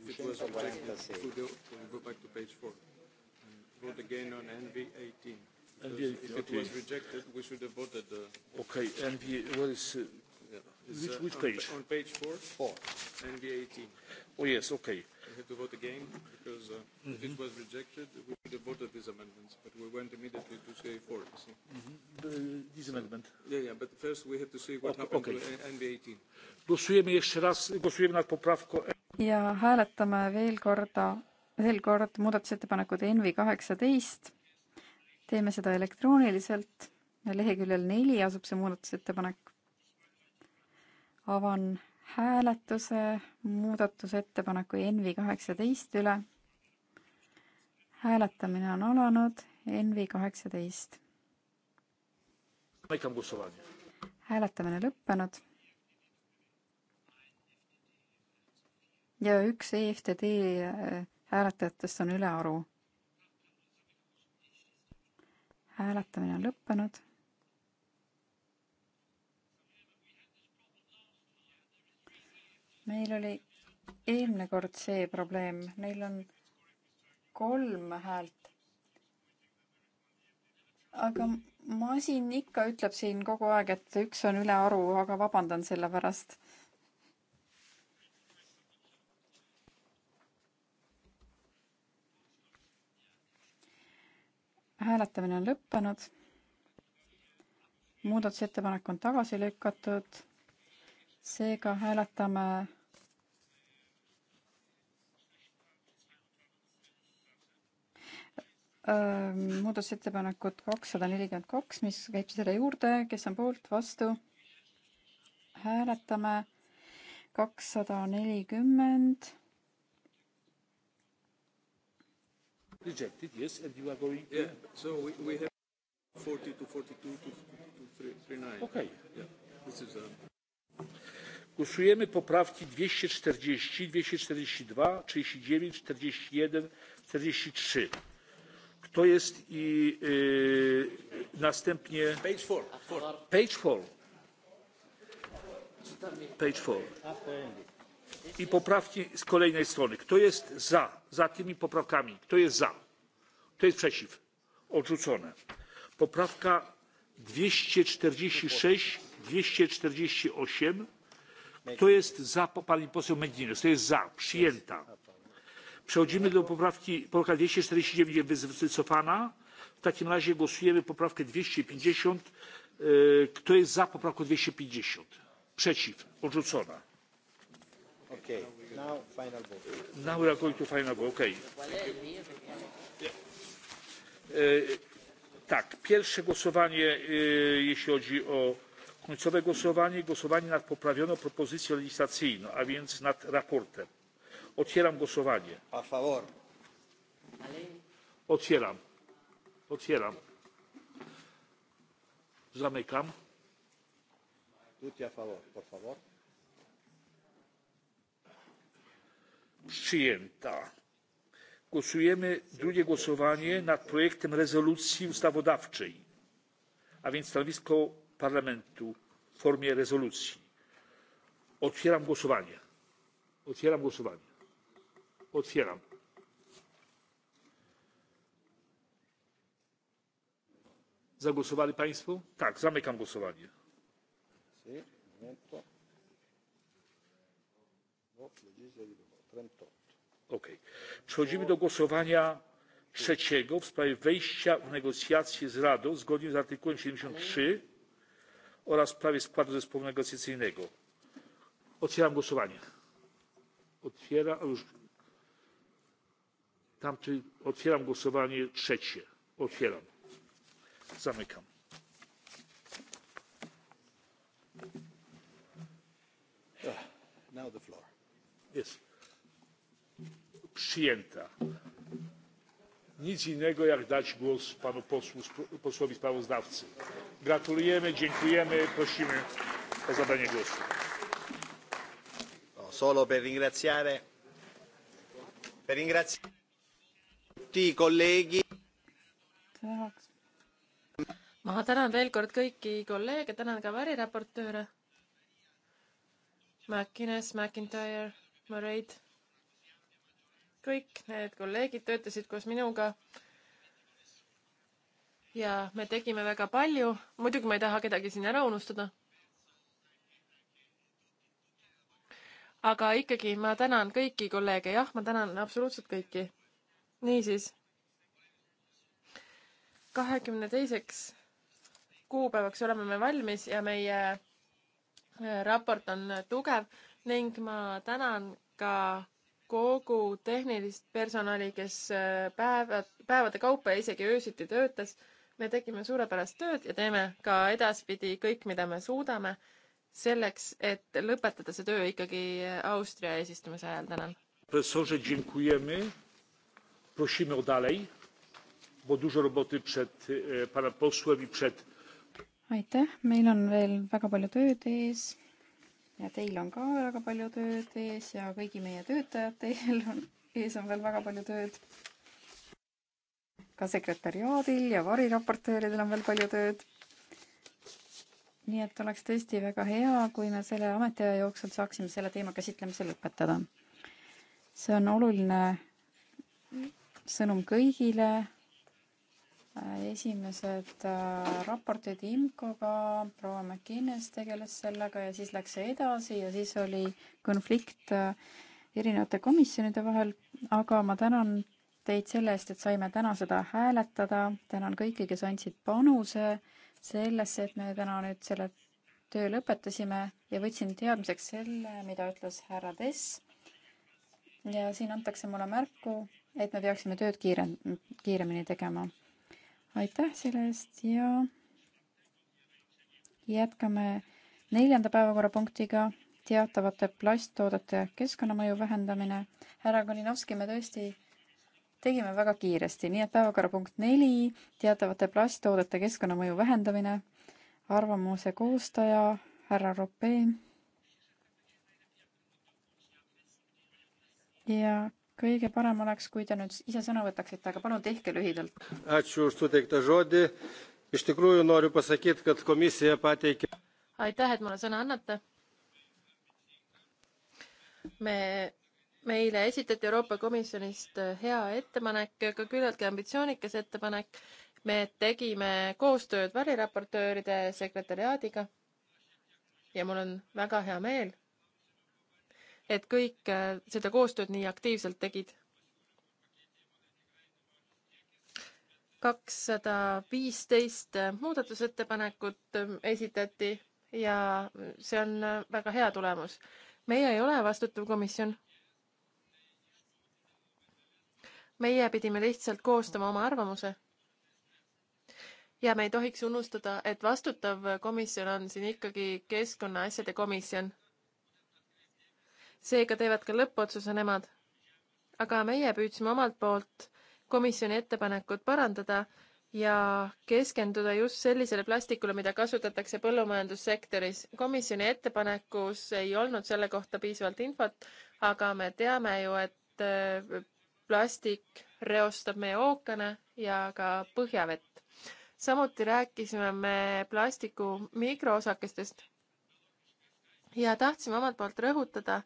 If it was objected, we go, we go back to page four. Vote again on NV18. If it was rejected, we should have voted the. Uh, Okay, NV, where is, uh, is which, which page? On, on page four. Four. NV 18. Oh, yes, okay. We had to vote again because uh, mm-hmm. if it mm-hmm. was rejected, we would have voted these amendments, but we went immediately to say four. You see? Mm-hmm. The, this so, amendment. Yeah, yeah, but first we have to see what oh, okay. happened okay. to NV 18. Głosujemy jeszcze raz, głosujemy nad poprawką. ja hääletame veel korda, veel kord muudatusettepanekut NV kaheksateist. teeme seda elektrooniliselt leheküljel neli asub see muudatusettepanek. avan hääletuse muudatusettepaneku NV kaheksateist üle. hääletamine on alanud, NV kaheksateist. hääletamine lõppenud. ja üks EFTD äh, hääletajatest on ülearu. hääletamine on lõppenud meil oli eelmine kord see probleem, neil on kolm häält. aga masin ikka ütleb siin kogu aeg, et üks on ülearu, aga vabandan selle pärast. hääletamine on lõppenud. muudatusettepanek on tagasi lükatud. seega hääletame muudatusettepanekut kakssada nelikümmend kaks, mis käib selle juurde, kes on poolt, vastu. hääletame kakssada nelikümmend. Rejected, yes, and you are going yeah, so we, we have forty to forty two to, to three, three nine. Okay. Yeah, this is a... Um, Głosujemy poprawki 240, 242, 39, 41, 43 kto jest i następnie page four, four. page four page four i poprawki z kolejnej strony kto jest za za tymi poprawkami kto jest za kto jest przeciw odrzucone poprawka dwieście czterdzieści sześć dwieście czterdzieści osiem kto jest za pani poseł mcguinness kto jest za przyjęta przechodzimy do poprawki poprawka dwieście czterdzieści dziewięć wycofana w takim razie głosujemy nad poprawką dwieście pięćdziesiąt kto jest za poprawką dwieście pięćdziesiąt przeciw odrzucona tak pierwsze głosowanie jeśli chodzi o końcowe głosowanie głosowanie nad poprawioną propozycją legislacyjną a więc nad raportem otwieram głosowanie. a favor. otwieram. otwieram. zamykam. tutti a favor por favor. przyjęta. głosujemy drugie głosowanie nad projektem rezolucji ustawodawczej a więc stanowisko parlamentu w formie rezolucji. otwieram głosowanie. otwieram głosowanie. Otwieram. Zagłosowali Państwo? Tak, zamykam głosowanie. Okay. Przechodzimy do głosowania trzeciego w sprawie wejścia w negocjacje z Radą zgodnie z artykułem 73 oraz w sprawie składu zespołu negocjacyjnego. Otwieram głosowanie. Otwiera, już tamtej otwieram głosowanie trzecie otwieram zamykam ah, jest przyjęta nic innego jak dać głos panu posłu, posłowi sprawozdawcy. Gratulujemy, dziękujemy, prosimy o zabranie głosu. Solo per ringraziare per ringraziare tutti i colleghi. ma tänan veel kord kõiki kolleege, tänan ka variraportööre. Mäkkines, McIntyre, Moreid. kõik need kolleegid töötasid koos minuga. ja me tegime väga palju, muidugi ma ei taha kedagi siin ära unustada aga ikkagi ma tänan kõiki kolleege, jah, ma tänan absoluutselt kõiki niisiis, kahekümne teiseks kuupäevaks oleme me valmis ja meie äh, raport on tugev ning ma tänan ka kogu tehnilist personali, kes äh, päevad, päevade kaupa ja isegi öösiti töötas. me tegime suurepärast tööd ja teeme ka edaspidi kõik, mida me suudame selleks, et lõpetada see töö ikkagi äh, Austria eesistumise ajal. tänan. professorže, dziękujemy prosimy o dalej bo dużo roboty przed e, panem posłem i przed aitäh, meil on veel väga palju tööd ees ja teil on ka väga palju tööd ees ja kõigi meie töötajate eel on, ees on veel väga palju tööd. ka sekretäriaadil ja variraportööridel on veel palju tööd. nii et oleks tõesti väga hea, kui me selle ametiaja jooksul saaksime selle teema käsitlemise lõpetada. see on oluline sõnum kõigile. Äh, esimesed äh, raportid IMCO-ga, proua McInnes tegeles sellega ja siis läks see edasi ja siis oli konflikt äh, erinevate komisjonide vahel, aga ma tänan teid selle eest, et saime täna seda hääletada. tänan kõiki, kes andsid panuse sellesse, et me täna nüüd selle töö lõpetasime ja võtsin teadmiseks selle, mida ütles härra Tess. ja siin antakse mulle märku, et me peaksime tööd kiirem, kiiremini tegema. aitäh selle eest ja jätkame neljanda päevakorrapunktiga teatavate plasttoodete keskkonnamõju vähendamine. härra Kalinovski, me tõesti tegime väga kiiresti, nii et päevakorrapunkt neli, teatavate plasttoodete keskkonnamõju vähendamine, arvamuse koostaja härra Rope. ja kõige parem oleks, kui te nüüd ise sõna võtaksite, aga palun tehke lühidalt. aitäh, et mulle sõna annate. me, meile esitati Euroopa Komisjonist hea ettepanek, aga küllaltki ambitsioonikas ettepanek. me tegime koostööd väliraportööride sekretäriaadiga ja mul on väga hea meel et kõik äh, seda koostööd nii aktiivselt tegid. kakssada viisteist äh, muudatusettepanekut äh, esitati ja see on väga hea tulemus. meie ei ole vastutav komisjon. meie pidime lihtsalt koostama oma arvamuse ja me ei tohiks unustada, et vastutav komisjon on siin ikkagi keskkonnaasjade komisjon seega teevad ka lõppotsuse nemad. aga meie püüdsime omalt poolt komisjoni ettepanekut parandada ja keskenduda just sellisele plastikule, mida kasutatakse põllumajandussektoris. komisjoni ettepanekus ei olnud selle kohta piisavalt infot, aga me teame ju, et äh, plastik reostab meie ookeane ja ka põhjavett. samuti rääkisime me plastiku mikroosakestest ja tahtsime omalt poolt rõhutada,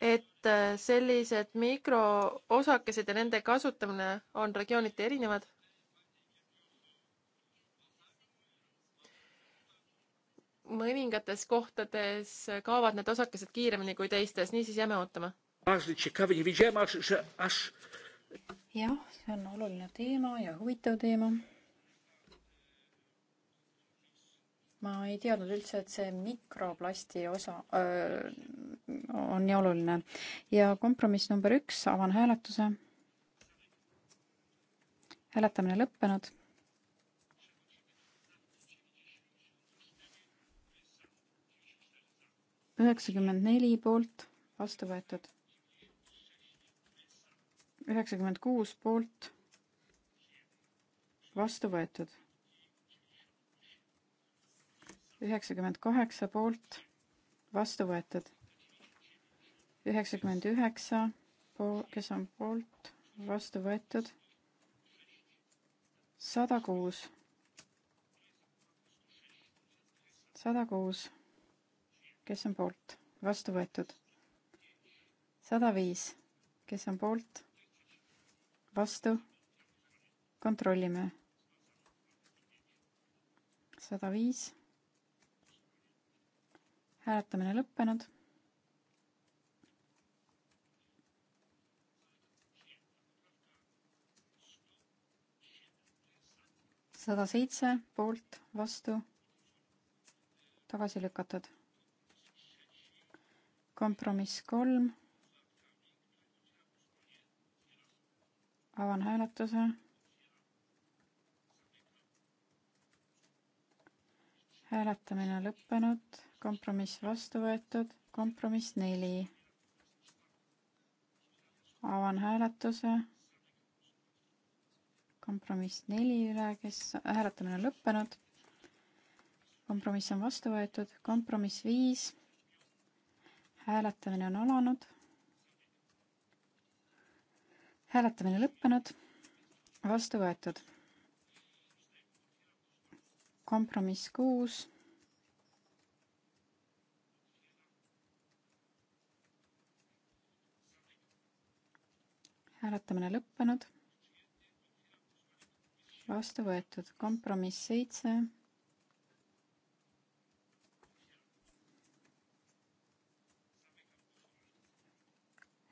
et äh, sellised mikroosakesed ja nende kasutamine on regiooniti erinevad. mõningates kohtades kaovad need osakesed kiiremini kui teistes, niisiis jääme ootama. jah, see on oluline teema ja huvitav teema ma ei teadnud üldse, et see mikroplasti osa, on nii oluline. ja kompromiss number üks, avan hääletuse. hääletamine lõppenud. üheksakümmend neli poolt, vastu võetud. üheksakümmend kuus poolt, vastu võetud. üheksakümmend kaheksa poolt, vastu võetud üheksakümmend üheksa, kes on poolt, vastu võetud. sada kuus. sada kuus, kes on poolt, vastu võetud. sada viis, kes on poolt, vastu, kontrollime. sada viis hääletamine lõppenud sada seitse poolt, vastu, tagasi lükatud. kompromiss kolm. avan hääletuse. hääletamine lõppenud, kompromiss vastu võetud, kompromiss neli. avan hääletuse kompromiss neli üle, kes, hääletamine on lõppenud. kompromiss on vastu võetud, kompromiss viis. hääletamine on alanud. hääletamine lõppenud, vastu võetud. kompromiss kuus. hääletamine lõppenud vastu võetud. kompromiss seitse.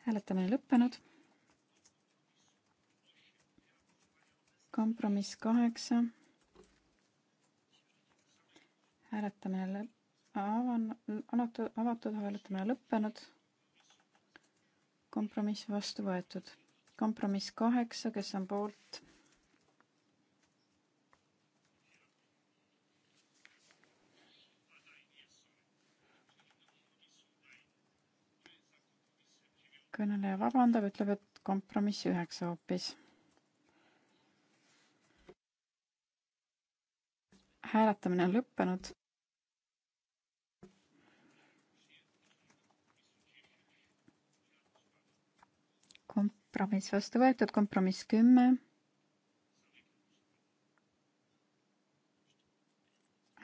hääletamine lõppenud. kompromiss kaheksa. hääletamine lõpp, avan, avatud, avatud hääletamine lõppenud. kompromiss vastu võetud. kompromiss kaheksa, kes on poolt kõneleja vabandab, ütleb, et kompromiss üheksa hoopis. hääletamine on lõppenud. kompromiss vastu võetud, kompromiss kümme.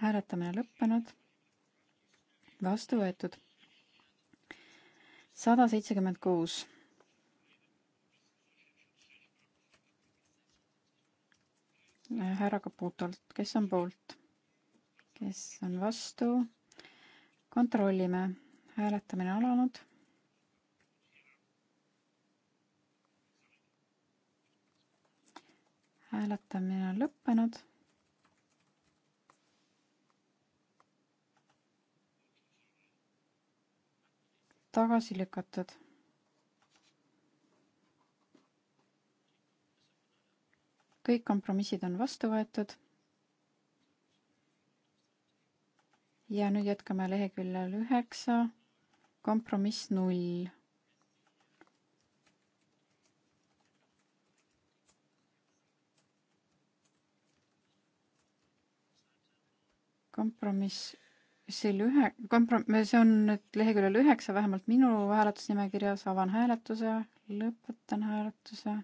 hääletamine lõppenud, vastu võetud sada seitsekümmend kuus. härra Kaputolt, kes on poolt, kes on vastu? kontrollime, hääletamine alanud hääletamine on lõppenud tagasi lükatud. kõik kompromissid on vastu võetud. ja nüüd jätkame leheküljel üheksa, kompromiss null. kompromiss see lühe-, komprom-, see on nüüd leheküljel üheksa, vähemalt minu hääletusnimekirjas, avan hääletuse, lõpetan hääletuse.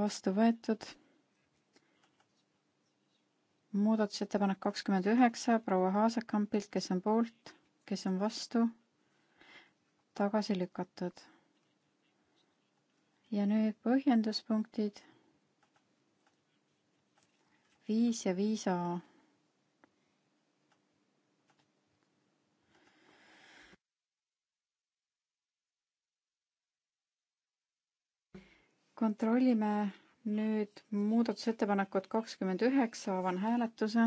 vastu võetud. muudatusettepanek kakskümmend üheksa proua Haasekampilt, kes on poolt, kes on vastu, tagasi lükatud. ja nüüd põhjenduspunktid viis ja viis A. kontrollime nüüd muudatusettepanekut kakskümmend üheksa, avan hääletuse.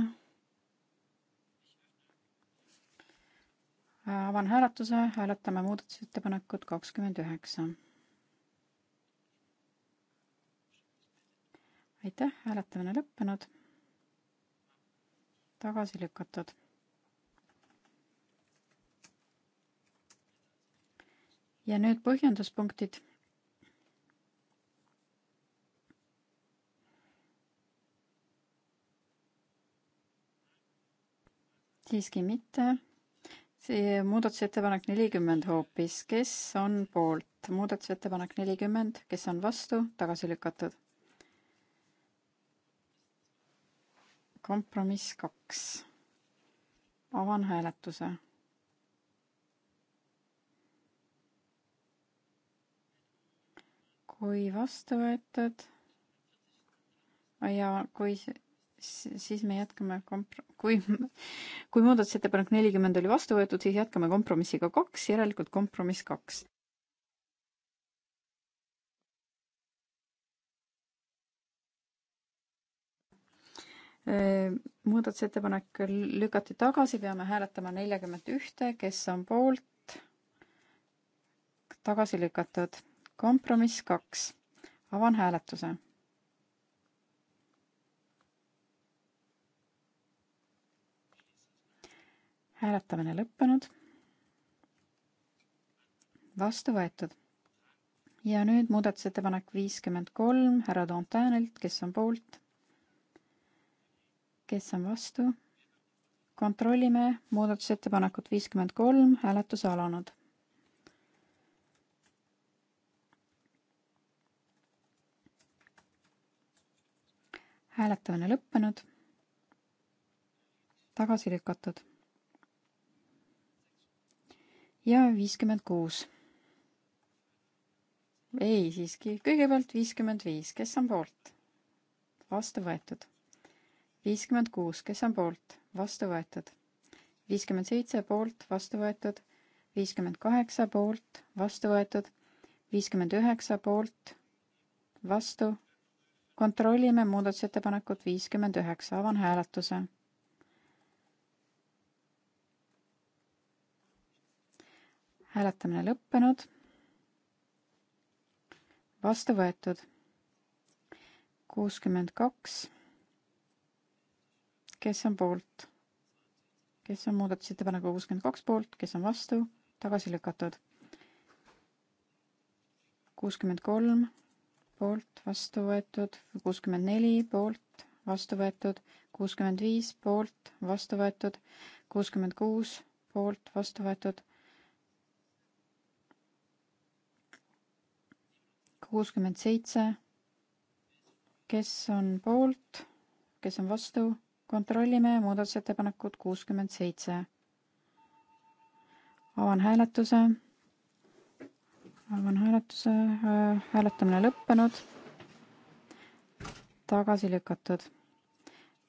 avan hääletuse, hääletame muudatusettepanekut kakskümmend üheksa. aitäh, hääletamine lõppenud tagasi lükatud. ja nüüd põhjenduspunktid. siiski mitte. see muudatusettepanek nelikümmend hoopis, kes on poolt, muudatusettepanek nelikümmend, kes on vastu, tagasi lükatud kompromiss kaks. avan hääletuse. kui vastu võetud ja kui siis me jätkame komp-, kui, kui muudatusettepanek nelikümmend oli vastu võetud, siis jätkame kompromissiga kaks, järelikult kompromiss kaks. Äh, muudatusettepanek lükati tagasi, peame hääletama neljakümmet ühte, kes on poolt, tagasi lükatud. kompromiss kaks, avan hääletuse. hääletamine lõppenud. vastu võetud. ja nüüd muudatusettepanek viiskümmend kolm härra Tontanilt, kes on poolt kes on vastu? kontrollime muudatusettepanekut viiskümmend kolm, hääletus alanud. hääletamine lõppenud. tagasi lükatud. ja viiskümmend kuus. ei, siiski, kõigepealt viiskümmend viis, kes on poolt? vastu võetud viiskümmend kuus, kes on poolt, vastu võetud. viiskümmend seitse poolt, vastu võetud. viiskümmend kaheksa poolt, vastu võetud. viiskümmend üheksa poolt, vastu. kontrollime muudatusettepanekut viiskümmend üheksa, avan hääletuse. hääletamine lõppenud. vastu võetud. kuuskümmend kaks kes on poolt? kes on muudatusettepaneku kuuskümmend kaks poolt, kes on vastu, tagasi lükatud. kuuskümmend kolm poolt, vastu võetud, kuuskümmend neli poolt, vastu võetud, kuuskümmend viis poolt, vastu võetud, kuuskümmend kuus poolt, vastu võetud kuuskümmend seitse. kes on poolt, kes on vastu, kontrollime muudatusettepanekut kuuskümmend seitse. avan hääletuse. avan hääletuse, äh, hääletamine lõppenud. tagasi lükatud.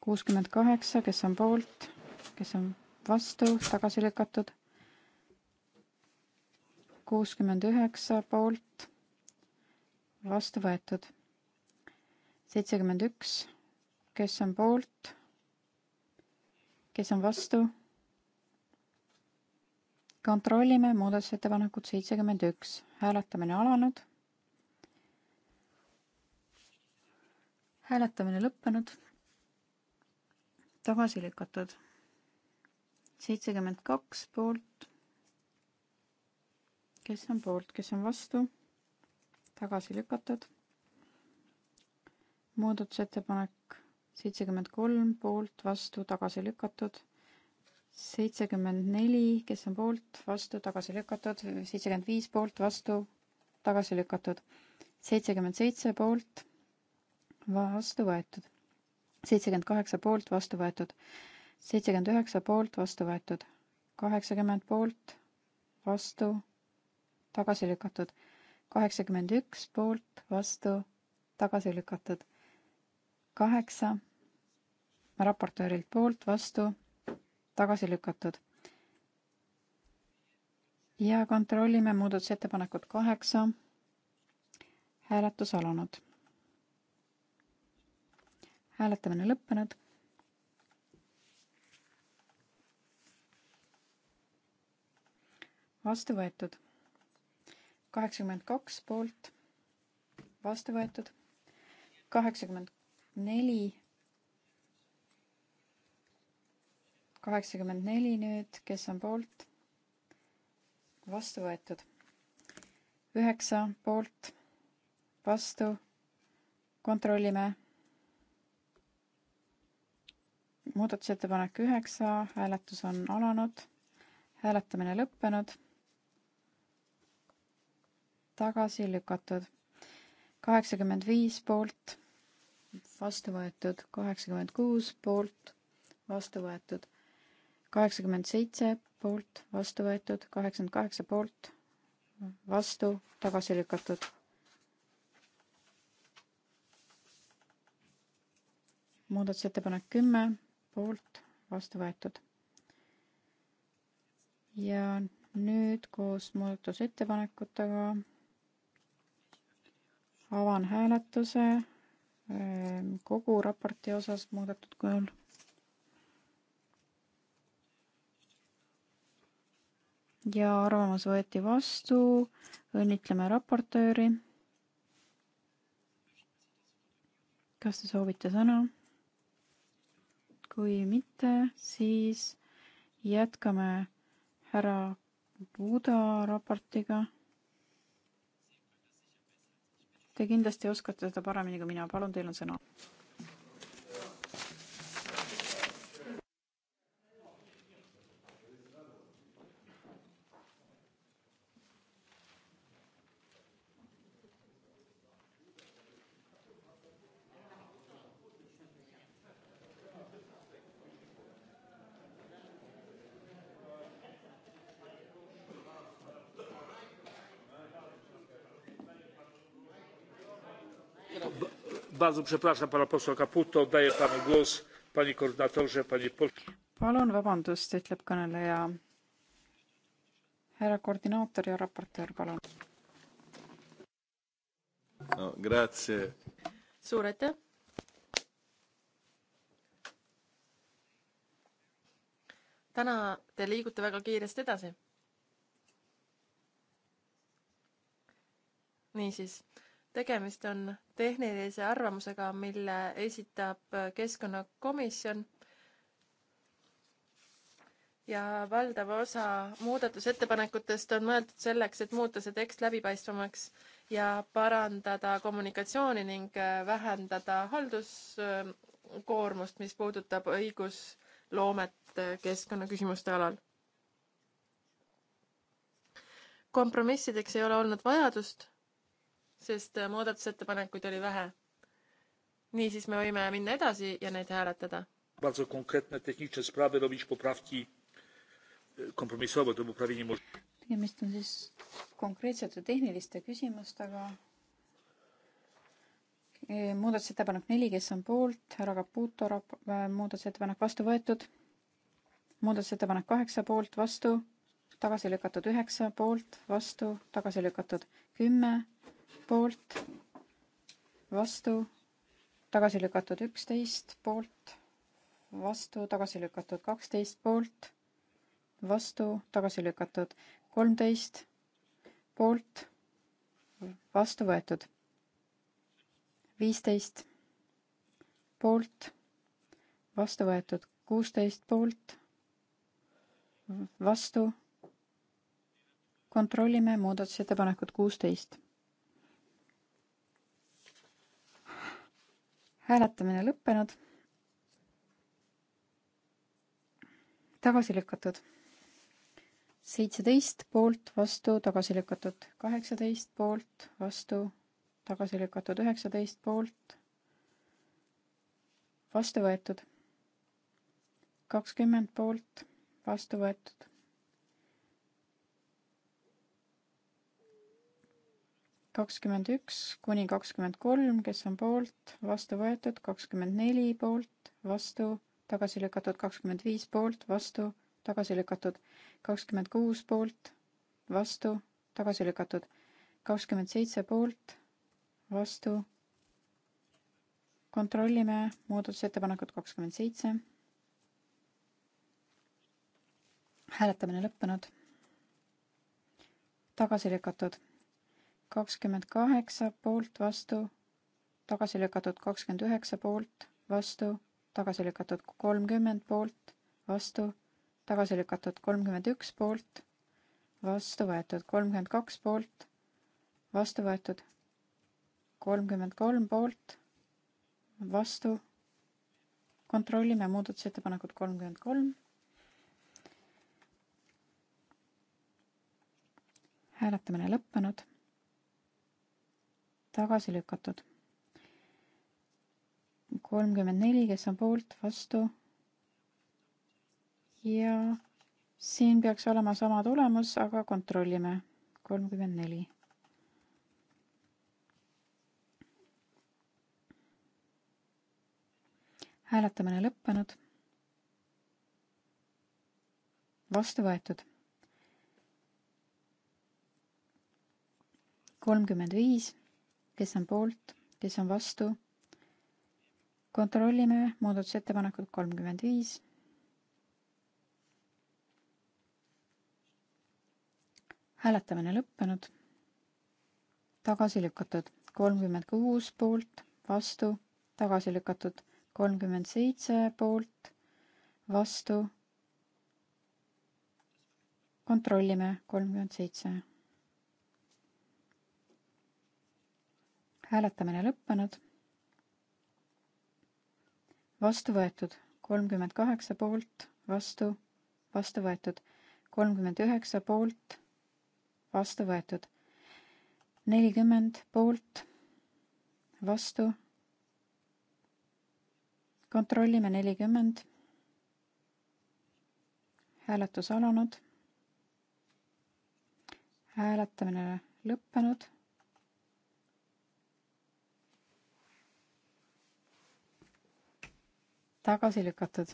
kuuskümmend kaheksa, kes on poolt, kes on vastu, tagasi lükatud. kuuskümmend üheksa poolt, vastu võetud. seitsekümmend üks, kes on poolt kes on vastu? kontrollime muudatusettepanekut seitsekümmend üks, hääletamine alanud. hääletamine lõppenud. tagasi lükatud. seitsekümmend kaks poolt. kes on poolt, kes on vastu? tagasi lükatud. muudatusettepanek seitsekümmend kolm poolt, vastu, tagasi lükatud. seitsekümmend neli, kes on poolt, vastu, tagasi lükatud. seitsekümmend viis poolt, vastu, tagasi lükatud. seitsekümmend seitse poolt, vastu võetud. seitsekümmend kaheksa poolt, vastu võetud. seitsekümmend üheksa poolt, vastu võetud. kaheksakümmend poolt, vastu, tagasi lükatud. kaheksakümmend üks poolt, vastu, tagasi lükatud kaheksa raportöörilt poolt, vastu, tagasi lükatud. ja kontrollime muudatusettepanekut kaheksa. hääletus alanud. hääletamine lõppenud. vastu võetud. kaheksakümmend kaks poolt, vastu võetud. kaheksakümmend neli. kaheksakümmend neli nüüd, kes on poolt? vastu võetud. üheksa poolt, vastu. kontrollime. muudatusettepanek üheksa, hääletus on alanud, hääletamine lõppenud tagasi lükatud. kaheksakümmend viis poolt, vastu võetud, kaheksakümmend kuus poolt, vastu võetud, kaheksakümmend seitse poolt, vastu võetud, kaheksakümmend kaheksa poolt, vastu, tagasi lükatud. muudatusettepanek kümme, poolt, vastu võetud. ja nüüd koos muudatusettepanekutega avan hääletuse Ehm, kogu raporti osas muudetud kujul. ja arvamus võeti vastu, õnnitleme raportööri. kas te soovite sõna? kui mitte, siis jätkame härra Buda raportiga Te kindlasti oskate seda paremini kui mina, palun, teil on sõna. bardzo przepraszam pana posła Caputo, oddaję panu głos, panie koordynatorze, panie pośle. palun vabandust, ütleb kõneleja. härra koordinaator ja raportöör, palun no,. suur aitäh. täna te liigute väga kiiresti edasi. niisiis tegemist on tehnilise arvamusega, mille esitab keskkonnakomisjon ja valdav osa muudatusettepanekutest on mõeldud selleks, et muuta see tekst läbipaistvamaks ja parandada kommunikatsiooni ning vähendada halduskoormust, mis puudutab õigusloomet keskkonnaküsimuste alal. kompromissideks ei ole olnud vajadust sest äh, muudatusettepanekuid oli vähe. niisiis me võime minna edasi ja neid hääletada. Bardzo konkretne tehniczne sprawy robić poprawki e, kompromissowe do poprawienia mož-. tegemist on siis konkreetsete tehniliste küsimustega. E, muudatusettepanek neli, kes on poolt, härra Caputo rap-, e, muudatusettepanek vastu võetud. muudatusettepanek kaheksa poolt, vastu, tagasi lükatud üheksa poolt, vastu, tagasi lükatud kümme poolt, vastu, tagasi lükatud üksteist poolt, vastu, tagasi lükatud kaksteist poolt, vastu, tagasi lükatud kolmteist poolt, vastu võetud viisteist poolt, vastu võetud kuusteist poolt, vastu. kontrollime muudatusettepanekut kuusteist hääletamine lõppenud. tagasi lükatud. seitseteist poolt, vastu, tagasi lükatud. kaheksateist poolt, vastu, tagasi lükatud. üheksateist poolt, vastu võetud. kakskümmend poolt, vastu võetud kakskümmend üks kuni kakskümmend kolm, kes on poolt, vastu võetud, kakskümmend neli poolt, vastu, tagasi lükatud, kakskümmend viis poolt, vastu, tagasi lükatud, kakskümmend kuus poolt, vastu, tagasi lükatud, kakskümmend seitse poolt, vastu. kontrollime muudatusettepanekut kakskümmend seitse. hääletamine lõppenud. tagasi lükatud kakskümmend kaheksa poolt, vastu, tagasi lükatud kakskümmend üheksa poolt, vastu, tagasi lükatud kolmkümmend poolt, vastu, tagasi lükatud kolmkümmend üks poolt, vastu võetud kolmkümmend kaks poolt, vastu võetud kolmkümmend kolm poolt, vastu. kontrollime muudatusettepanekut kolmkümmend kolm. hääletamine lõppenud tagasi lükatud. kolmkümmend neli, kes on poolt, vastu. ja siin peaks olema sama tulemus, aga kontrollime. kolmkümmend neli. hääletamine lõppenud. vastu võetud kolmkümmend viis kes on poolt, kes on vastu. kontrollime muudatusettepanekut kolmkümmend viis. hääletamine lõppenud. tagasi lükatud kolmkümmend kuus poolt, vastu, tagasi lükatud kolmkümmend seitse poolt, vastu. kontrollime kolmkümmend seitse hääletamine lõppenud. vastu võetud kolmkümmend kaheksa poolt, vastu, vastu võetud kolmkümmend üheksa poolt, vastu võetud nelikümmend poolt, vastu. kontrollime nelikümmend. hääletus alanud. hääletamine lõppenud tagasi lükatud.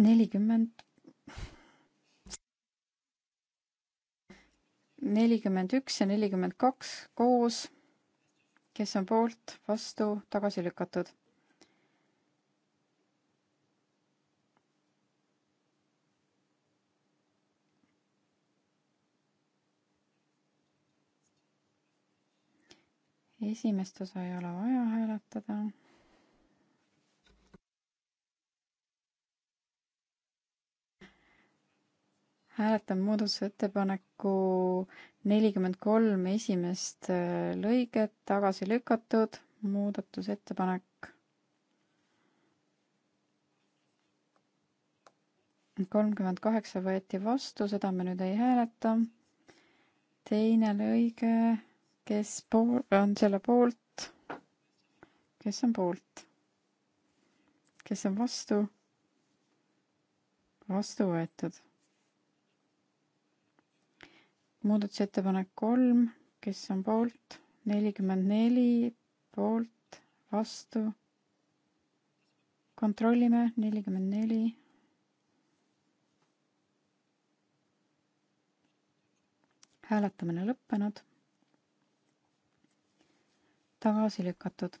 nelikümmend nelikümmend üks ja nelikümmend kaks koos, kes on poolt, vastu, tagasi lükatud. esimest osa ei ole vaja hääletada. hääletan muudatusettepaneku nelikümmend kolm esimest äh, lõiget tagasi lükatud, muudatusettepanek kolmkümmend kaheksa võeti vastu, seda me nüüd ei hääleta. teine lõige kes pool, on selle poolt, kes on poolt, kes on vastu, vastu võetud. muudatusettepanek kolm, kes on poolt, nelikümmend neli poolt, vastu. kontrollime, nelikümmend neli hääletamine lõppenud tagasi lükatud.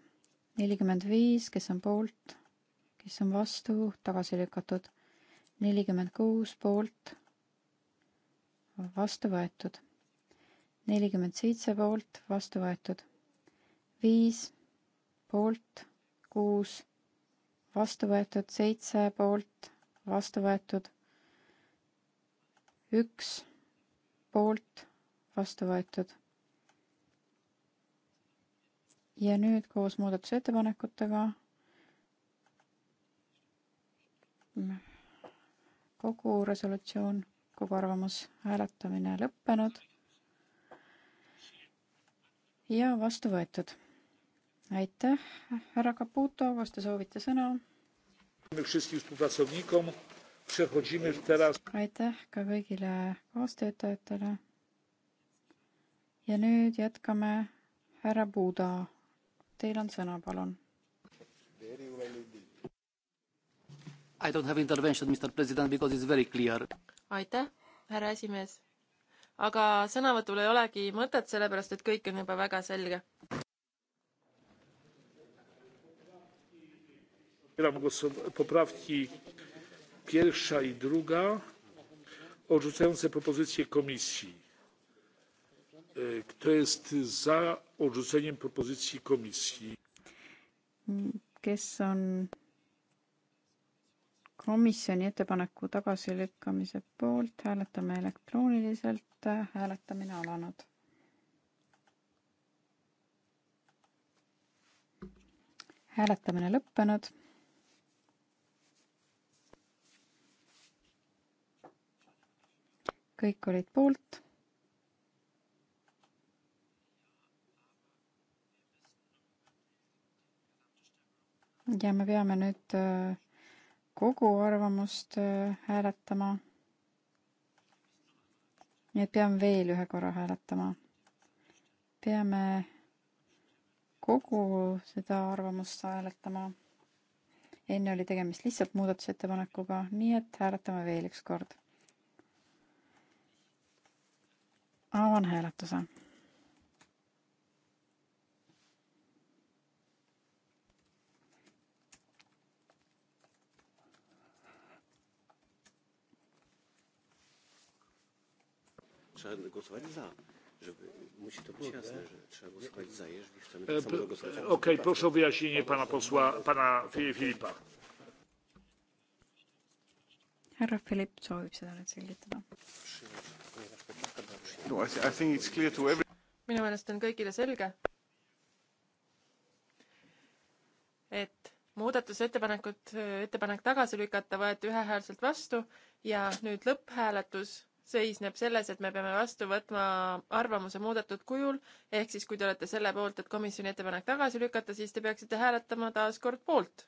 nelikümmend viis, kes on poolt, kes on vastu, tagasi lükatud. nelikümmend kuus poolt, vastu võetud. nelikümmend seitse poolt, vastu võetud. viis poolt, kuus vastu võetud, seitse poolt, vastu võetud. üks poolt, vastu võetud ja nüüd koos muudatusettepanekutega kogu resolutsioon, kogu arvamus, hääletamine lõppenud ja vastu võetud. aitäh, härra Caputo, kas te soovite sõna? aitäh ka kõigile kaastöötajatele. ja nüüd jätkame härra Buda Teil on sõna, palun. I don't have intervention, Mr President, because it's very clear. aitäh, härra esimees. aga sõnavõtul ei olegi mõtet, sellepärast et kõik on juba väga selge. poprawki pierwsza i druga odrzucające propozycję komisji E, kto jest za odrzuceniem propozycji komisji? Kes on komisjoni ettepaneku tagasilükkamise poolt, hääletame elektrooniliselt, hääletamine alanud. hääletamine lõppenud. kõik olid poolt ja me peame nüüd äh, kogu arvamust äh, hääletama. nii et peame veel ühe korra hääletama. peame kogu seda arvamust hääletama. enne oli tegemist lihtsalt muudatusettepanekuga, nii et hääletame veel üks kord. avan hääletuse trzeba głosować za. Żeby, musi to być jasne, że trzeba głosować za, jeżeli chcemy tak e, samo głosować. E, okej, okay, proszę o wyjaśnienie pana posła, pana Filipa. härra Philipp soovib seda nüüd selgitada. No, I, I think it's clear to every minu meelest on kõigile selge, et muudatusettepanekut, ettepanek tagasi lükata võeti ühehäälselt vastu ja nüüd lõpphääletus seisneb selles, et me peame vastu võtma arvamuse muudetud kujul, ehk siis kui te olete selle poolt, et komisjoni ettepanek tagasi lükata, siis te peaksite hääletama taas kord poolt.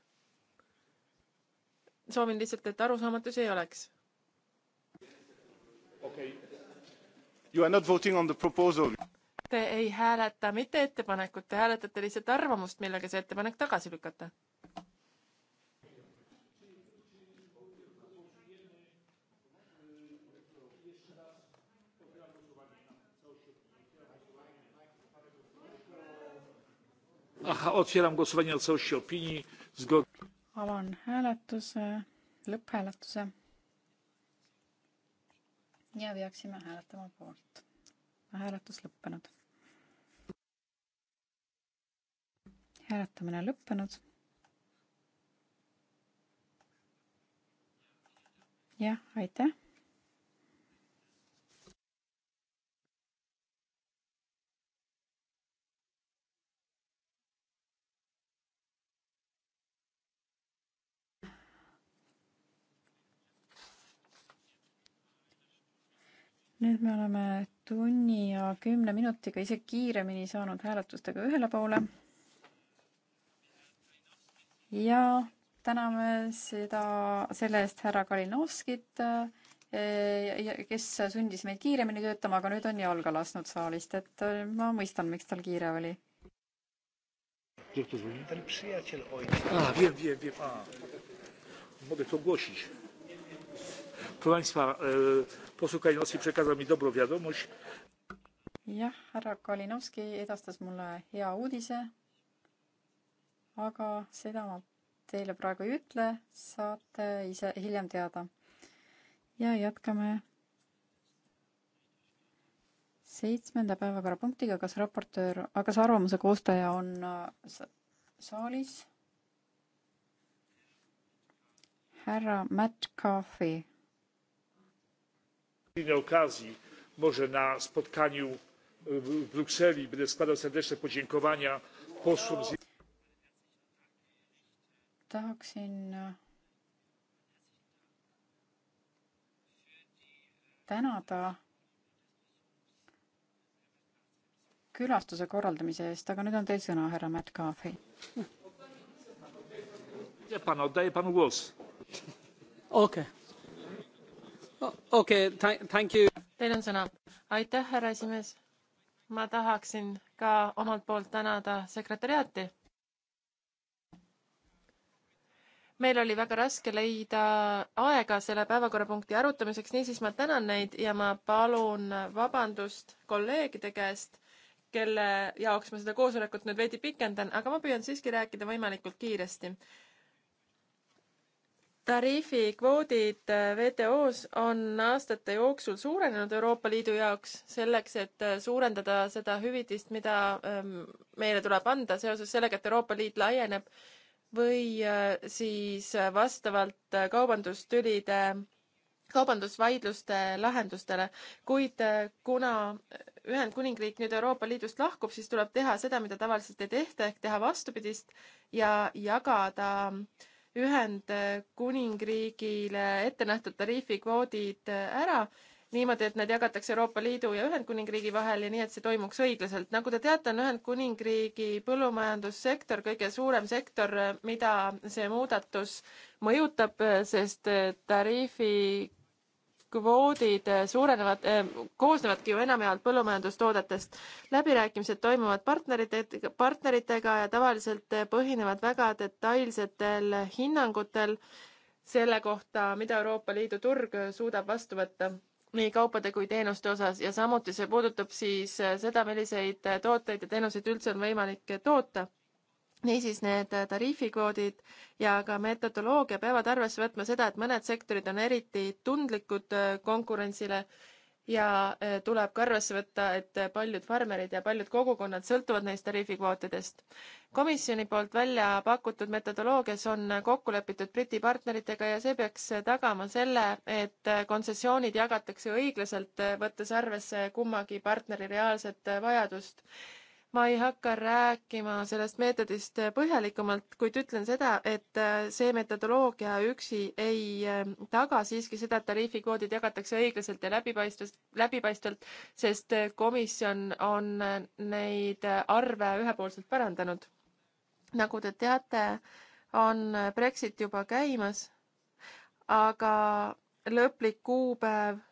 soovin lihtsalt, et arusaamatusi ei oleks. okei okay.. You are not voting on the proposal. Te ei hääleta mitte ettepanekut, te hääletate lihtsalt arvamust, millega see ettepanek tagasi lükata otwieram głosowanie nad całością opinii. avan hääletuse, lõpphääletuse. ja peaksime hääletama poolt. hääletus lõppenud. hääletamine lõppenud. jah, aitäh nüüd me oleme tunni ja kümne minutiga isegi kiiremini saanud hääletustega ühele poole. ja täname seda, selle eest härra Kalinovskit, eh, kes sundis meid kiiremini töötama, aga nüüd on jalga lasknud saalist, et eh, ma mõistan, miks tal kiire oli Doktor Zwolin? Ten przyjaciel ojca. A, wiem, wiem, wiem. A, mogę to ogłosić proua Ansva, posu Kalinovski przekazał mi dobro wiadomość. jah, härra Kalinovski edastas mulle hea uudise. aga seda ma teile praegu ei ütle, saate ise hiljem teada. ja jätkame seitsmenda päevakorrapunktiga, kas raportöör, kas arvamuse koostaja on äh, saalis? härra Matt Coffey innej okazji może na spotkaniu w brukseli będę składał serdeczne podziękowania posłom z tahaksin e, tänada külastuse korraldamise eest, aga nüüd on teil sõna, härra Matt Caffey. okei okei oh, okay,, thank you. Teil on sõna. aitäh, härra esimees. ma tahaksin ka omalt poolt tänada sekretäriaati. meil oli väga raske leida aega selle päevakorrapunkti arutamiseks, niisiis ma tänan neid ja ma palun vabandust kolleegide käest, kelle jaoks ma seda koosolekut nüüd veidi pikendan, aga ma püüan siiski rääkida võimalikult kiiresti tariifikvoodid äh, WTO-s on aastate jooksul suurenenud Euroopa Liidu jaoks selleks, et äh, suurendada seda hüvitist, mida ähm, meile tuleb anda seoses sellega, et Euroopa Liit laieneb või äh, siis vastavalt kaubandustülide, kaubandusvaidluste lahendustele. kuid kuna Ühendkuningriik nüüd Euroopa Liidust lahkub, siis tuleb teha seda, mida tavaliselt ei tehta, ehk teha vastupidist ja jagada äh, Ühendkuningriigile ette nähtud tariifikvoodid äh, ära niimoodi, et need jagatakse Euroopa Liidu ja Ühendkuningriigi vahel ja nii, et see toimuks õiglaselt. nagu te teate, on Ühendkuningriigi põllumajandussektor kõige suurem sektor, äh, mida see muudatus mõjutab, äh, sest tariifi kvoodid eh, suurenevad, eh, koosnevadki ju enamjaolt põllumajandustoodetest. läbirääkimised toimuvad partnerite, partneritega ja tavaliselt eh, põhinevad väga detailsetel hinnangutel selle kohta, mida Euroopa Liidu turg suudab vastu võtta nii kaupade kui teenuste osas ja samuti see puudutab siis seda, milliseid tooteid ja teenuseid üldse on võimalik toota niisiis need äh, tariifikoodid ja ka metodoloogia peavad arvesse võtma seda, et mõned sektorid on eriti tundlikud äh, konkurentsile ja äh, tuleb ka arvesse võtta, et paljud farmerid ja paljud kogukonnad sõltuvad neist tariifikvootidest. komisjoni poolt välja pakutud metodoloogias on kokku lepitud Briti partneritega ja see peaks tagama selle, et kontsessioonid jagatakse õiglaselt, võttes arvesse kummagi partneri reaalset vajadust ma ei hakka rääkima sellest meetodist äh, põhjalikumalt, kuid ütlen seda, et äh, see metodoloogia üksi ei äh, taga siiski seda, et tariifikvoodid jagatakse õiglaselt ja läbipaistvalt, läbipaistvalt, sest komisjon on neid arve ühepoolselt parandanud. nagu te teate, on Brexit juba käimas, aga lõplik kuupäev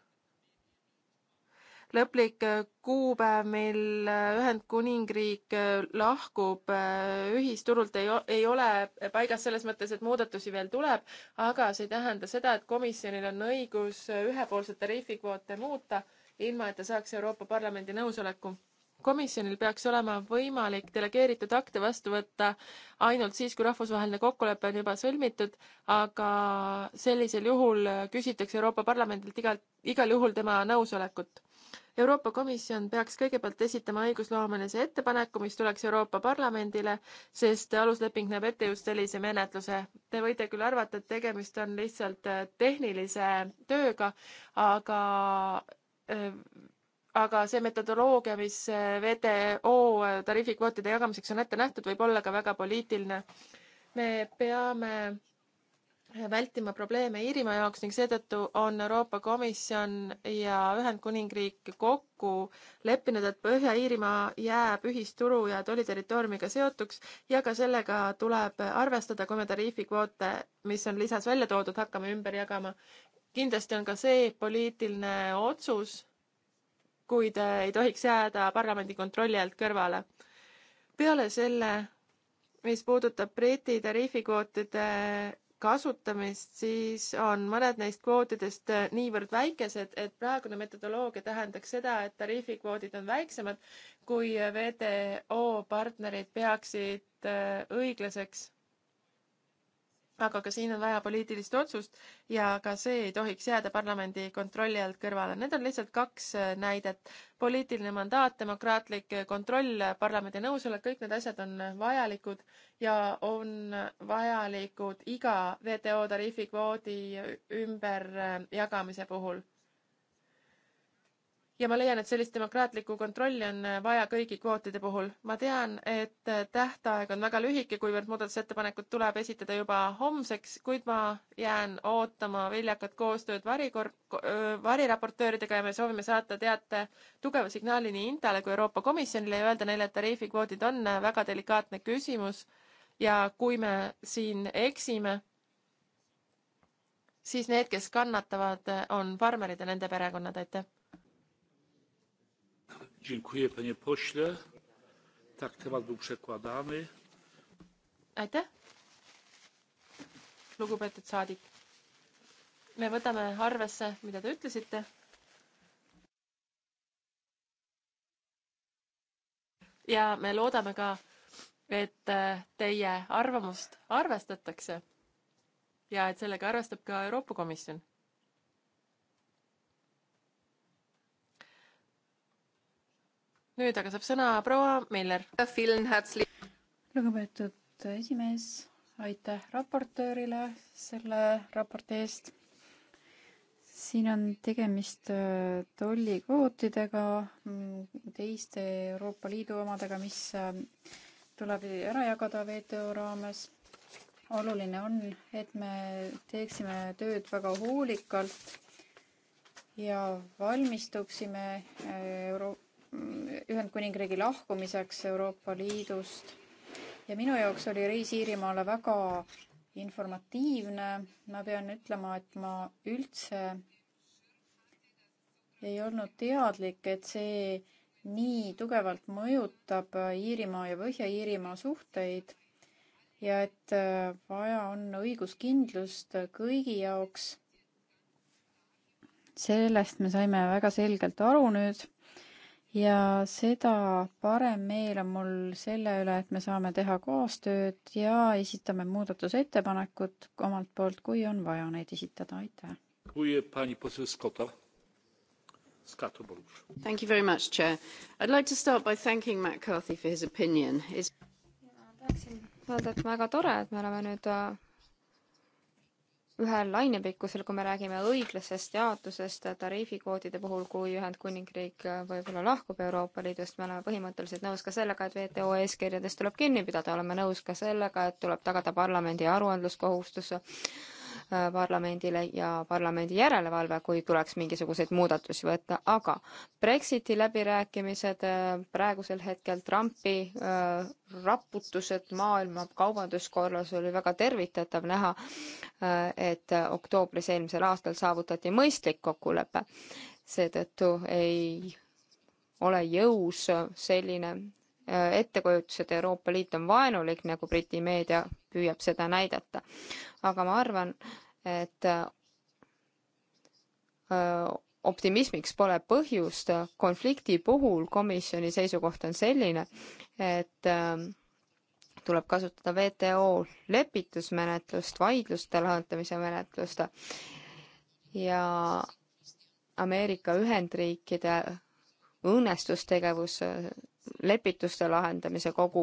lõplik äh, kuupäev, mil äh, Ühendkuningriik äh, lahkub ühisturult, ei, ei ole paigas selles mõttes, et muudatusi veel tuleb, aga see ei tähenda seda, et komisjonil on õigus ühepoolselt tariifikvoote muuta, ilma et ta saaks Euroopa Parlamendi nõusoleku komisjonil peaks olema võimalik delegeeritud akte vastu võtta ainult siis, kui rahvusvaheline kokkulepe on juba sõlmitud, aga sellisel juhul küsitakse Euroopa Parlamendilt igal, igal juhul tema nõusolekut. Euroopa Komisjon peaks kõigepealt esitama õigusloomelise ettepaneku, mis tuleks Euroopa Parlamendile, sest alusleping näeb ette just sellise menetluse. Te võite küll arvata, et tegemist on lihtsalt äh, tehnilise tööga, aga äh, aga see metodoloogia, mis äh, WTO tariifikvootide jagamiseks on ette nähtud, võib olla ka väga poliitiline. me peame vältima probleeme Iirimaa jaoks ning seetõttu on Euroopa Komisjon ja Ühendkuningriik kokku leppinud, et Põhja-Iirimaa jääb ühisturu ja tolliterritooriumiga seotuks ja ka sellega tuleb arvestada, kui me tariifikvoote, mis on lisas välja toodud, hakkame ümber jagama. kindlasti on ka see poliitiline otsus, kuid ei tohiks jääda parlamendi kontrolli alt kõrvale. peale selle mis puudutab Briti tariifikvootide kasutamist, siis on mõned neist kvootidest äh, niivõrd väikesed, et praegune metodoloogia tähendaks seda, et tariifikvoodid on väiksemad, kui äh, WTO partnerid peaksid äh, õiglaseks aga ka siin on vaja poliitilist otsust ja ka see ei tohiks jääda parlamendi kontrolli alt kõrvale. Need on lihtsalt kaks äh, näidet. poliitiline mandaat, demokraatlik äh, kontroll, äh, parlamendi nõusolek, kõik need asjad on vajalikud ja on vajalikud iga WTO tariifikvoodi ümberjagamise puhul ja ma leian, et sellist demokraatlikku kontrolli on äh, vaja kõigi kvootide puhul. ma tean, et äh, tähtaeg on väga lühike, kuivõrd muudatusettepanekud tuleb esitada juba homseks, kuid ma jään ootama viljakat koostööd varikor-, variraportööridega ja me soovime saata teate tugeva signaali nii Intale kui Euroopa Komisjonile ja öelda neile, et tariifikvoodid on äh, väga delikaatne küsimus ja kui me siin eksime, siis need, kes kannatavad, on farmerid ja nende perekonnad, aitäh! Dziękuję, panie pośle. Tak, temat był przekładany. Aitäh, lugupeetud saadik. me võtame arvesse, mida te ütlesite. ja me loodame ka, et äh, teie arvamust arvestatakse. ja et sellega arvestab ka Euroopa Komisjon nüüd aga saab sõna proua Miller. lugupeetud esimees, aitäh raportöörile selle raporti eest. siin on tegemist äh, tollikvootidega, mm, teiste Euroopa Liidu omadega, mis äh, tuleb ära jagada WTO raames. oluline on, et me teeksime tööd väga hoolikalt ja valmistuksime äh, Euroopa Ühendkuningriigi lahkumiseks Euroopa Liidust ja minu jaoks oli reis Iirimaale väga informatiivne. ma pean ütlema, et ma üldse ei olnud teadlik, et see nii tugevalt mõjutab Iirimaa ja Põhja-Iirimaa suhteid ja et äh, vaja on õiguskindlust kõigi jaoks. sellest me saime väga selgelt aru nüüd ja seda parem meel on mul selle üle, et me saame teha koostööd ja esitame muudatusettepanekud omalt poolt, kui on vaja neid esitada, aitäh. Thank you very much, Chair. I'd like to start by thanking Matt Carthy for his opinion. It's... ma tahaksin öelda, et väga tore, et me oleme nüüd äh, ühel lainepikkusel, kui me räägime õiglasest jaotusest tariifikoodide puhul, kui Ühendkuningriik äh, võib-olla lahkub Euroopa Liidust, me oleme põhimõtteliselt nõus ka sellega, et WTO eeskirjadest tuleb kinni pidada, oleme nõus ka sellega, et tuleb tagada parlamendi aruandluskohustus Äh, parlamendile ja parlamendi järelevalve, kui tuleks mingisuguseid muudatusi võtta, aga Brexiti läbirääkimised äh, praegusel hetkel, Trumpi äh, raputused maailma kaubanduskorras oli väga tervitatav näha, et oktoobris eelmisel aastal saavutati mõistlik kokkulepe. seetõttu ei ole jõus selline ettekujutus, et Euroopa Liit on vaenulik, nagu Briti meedia püüab seda näidata. aga ma arvan, et optimismiks pole põhjust, konflikti puhul komisjoni seisukoht on selline, et tuleb kasutada WTO lepitusmenetlust, vaidluste lahendamise menetlust ja Ameerika Ühendriikide õõnestustegevus lepituste lahendamise kogu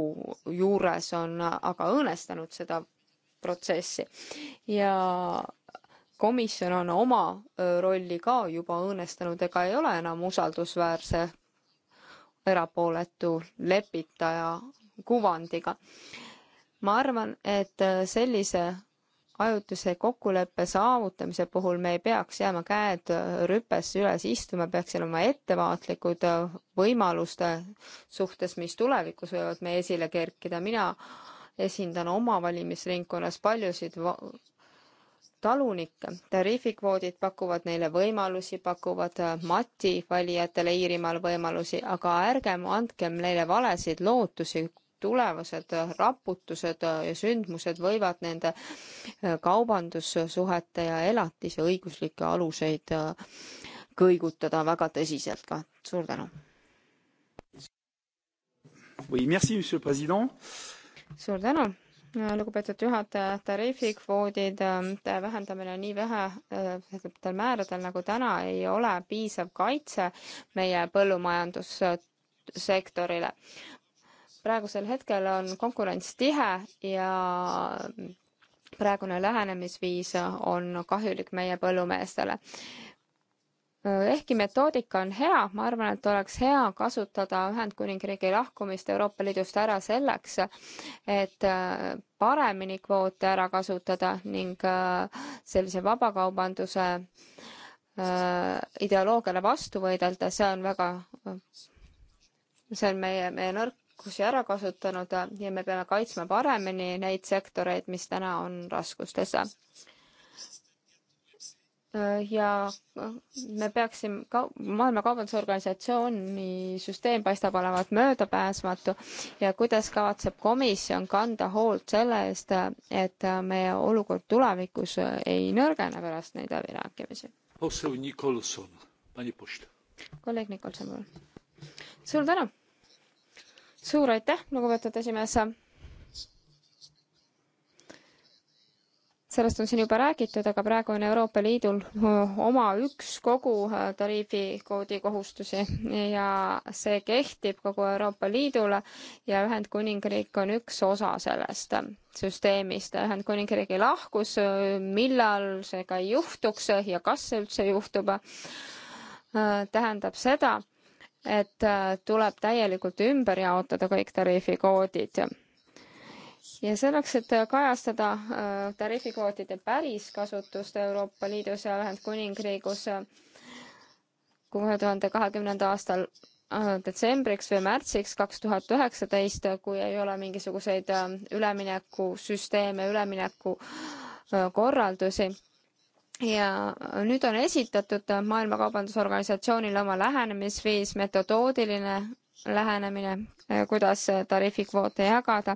juures on aga õõnestanud seda protsessi ja komisjon on oma rolli ka juba õõnestanud ega ei ole enam usaldusväärse erapooletu lepitaja kuvandiga. ma arvan, et sellise ajutise kokkuleppe saavutamise puhul me ei peaks jääma käed rüpes üles istuma, peaks olema ettevaatlikud äh, võimaluste suhtes, mis tulevikus võivad meie esile kerkida. mina esindan oma valimisringkonnas paljusid talunikke. tariifikvoodid pakuvad neile võimalusi, pakuvad äh, Mati valijatele Iirimaal võimalusi, aga ärgem andkem neile valesid lootusi tulevased raputused ja sündmused võivad nende äh, kaubandussuhete ja elatise õiguslikke aluseid äh, kõigutada väga tõsiselt ka. suur tänu. suur tänu, äh, lugupeetud juhataja, tariifikvoodid, vähendamine nii vähestel määradel nagu täna ei ole piisav kaitse meie põllumajandus sektorile praegusel hetkel on konkurents tihe ja praegune lähenemisviis on kahjulik meie põllumeestele. ehkki metoodika on hea, ma arvan, et oleks hea kasutada Ühendkuningriigi lahkumist Euroopa Liidust ära selleks, et paremini kvoote ära kasutada ning äh, sellise vabakaubanduse äh, ideoloogiale vastu võidelda, see on väga äh, see on meie, meie nõrk oskusi ära kasutanud ja me peame kaitsma paremini neid sektoreid, mis täna on raskustes. ja me peaksime, Maailma Kaubandusorganisatsiooni süsteem paistab olevat möödapääsmatu ja kuidas kavatseb komisjon kanda hoolt selle eest, et meie olukord tulevikus ei nõrgene pärast neid läbirääkimisi? kolleeg Nikolson, palun. suur tänu suur aitäh, lugupeetud esimees. sellest on siin juba räägitud, aga praegu on Euroopa Liidul oma üks kogu äh, tariifikoodi kohustusi ja see kehtib kogu Euroopa Liidule ja Ühendkuningriik on üks osa sellest süsteemist. Ühendkuningriigi lahkus, millal see ka juhtuks ja kas see üldse juhtub, äh, tähendab seda, et äh, tuleb täielikult ümber jaotada kõik tariifikoodid. ja selleks, et kajastada äh, tariifikoodide päris kasutust Euroopa Liidus ja Ühendkuningriigus äh, kahe tuhande kahekümnenda aastal detsembriks või märtsiks kaks tuhat üheksateist, kui ei ole mingisuguseid üleminekusüsteeme, ülemineku korraldusi ja nüüd on esitatud Maailma Kaubandusorganisatsioonile oma lähenemisviis, metodoodiline lähenemine, kuidas tariifikvoote jagada.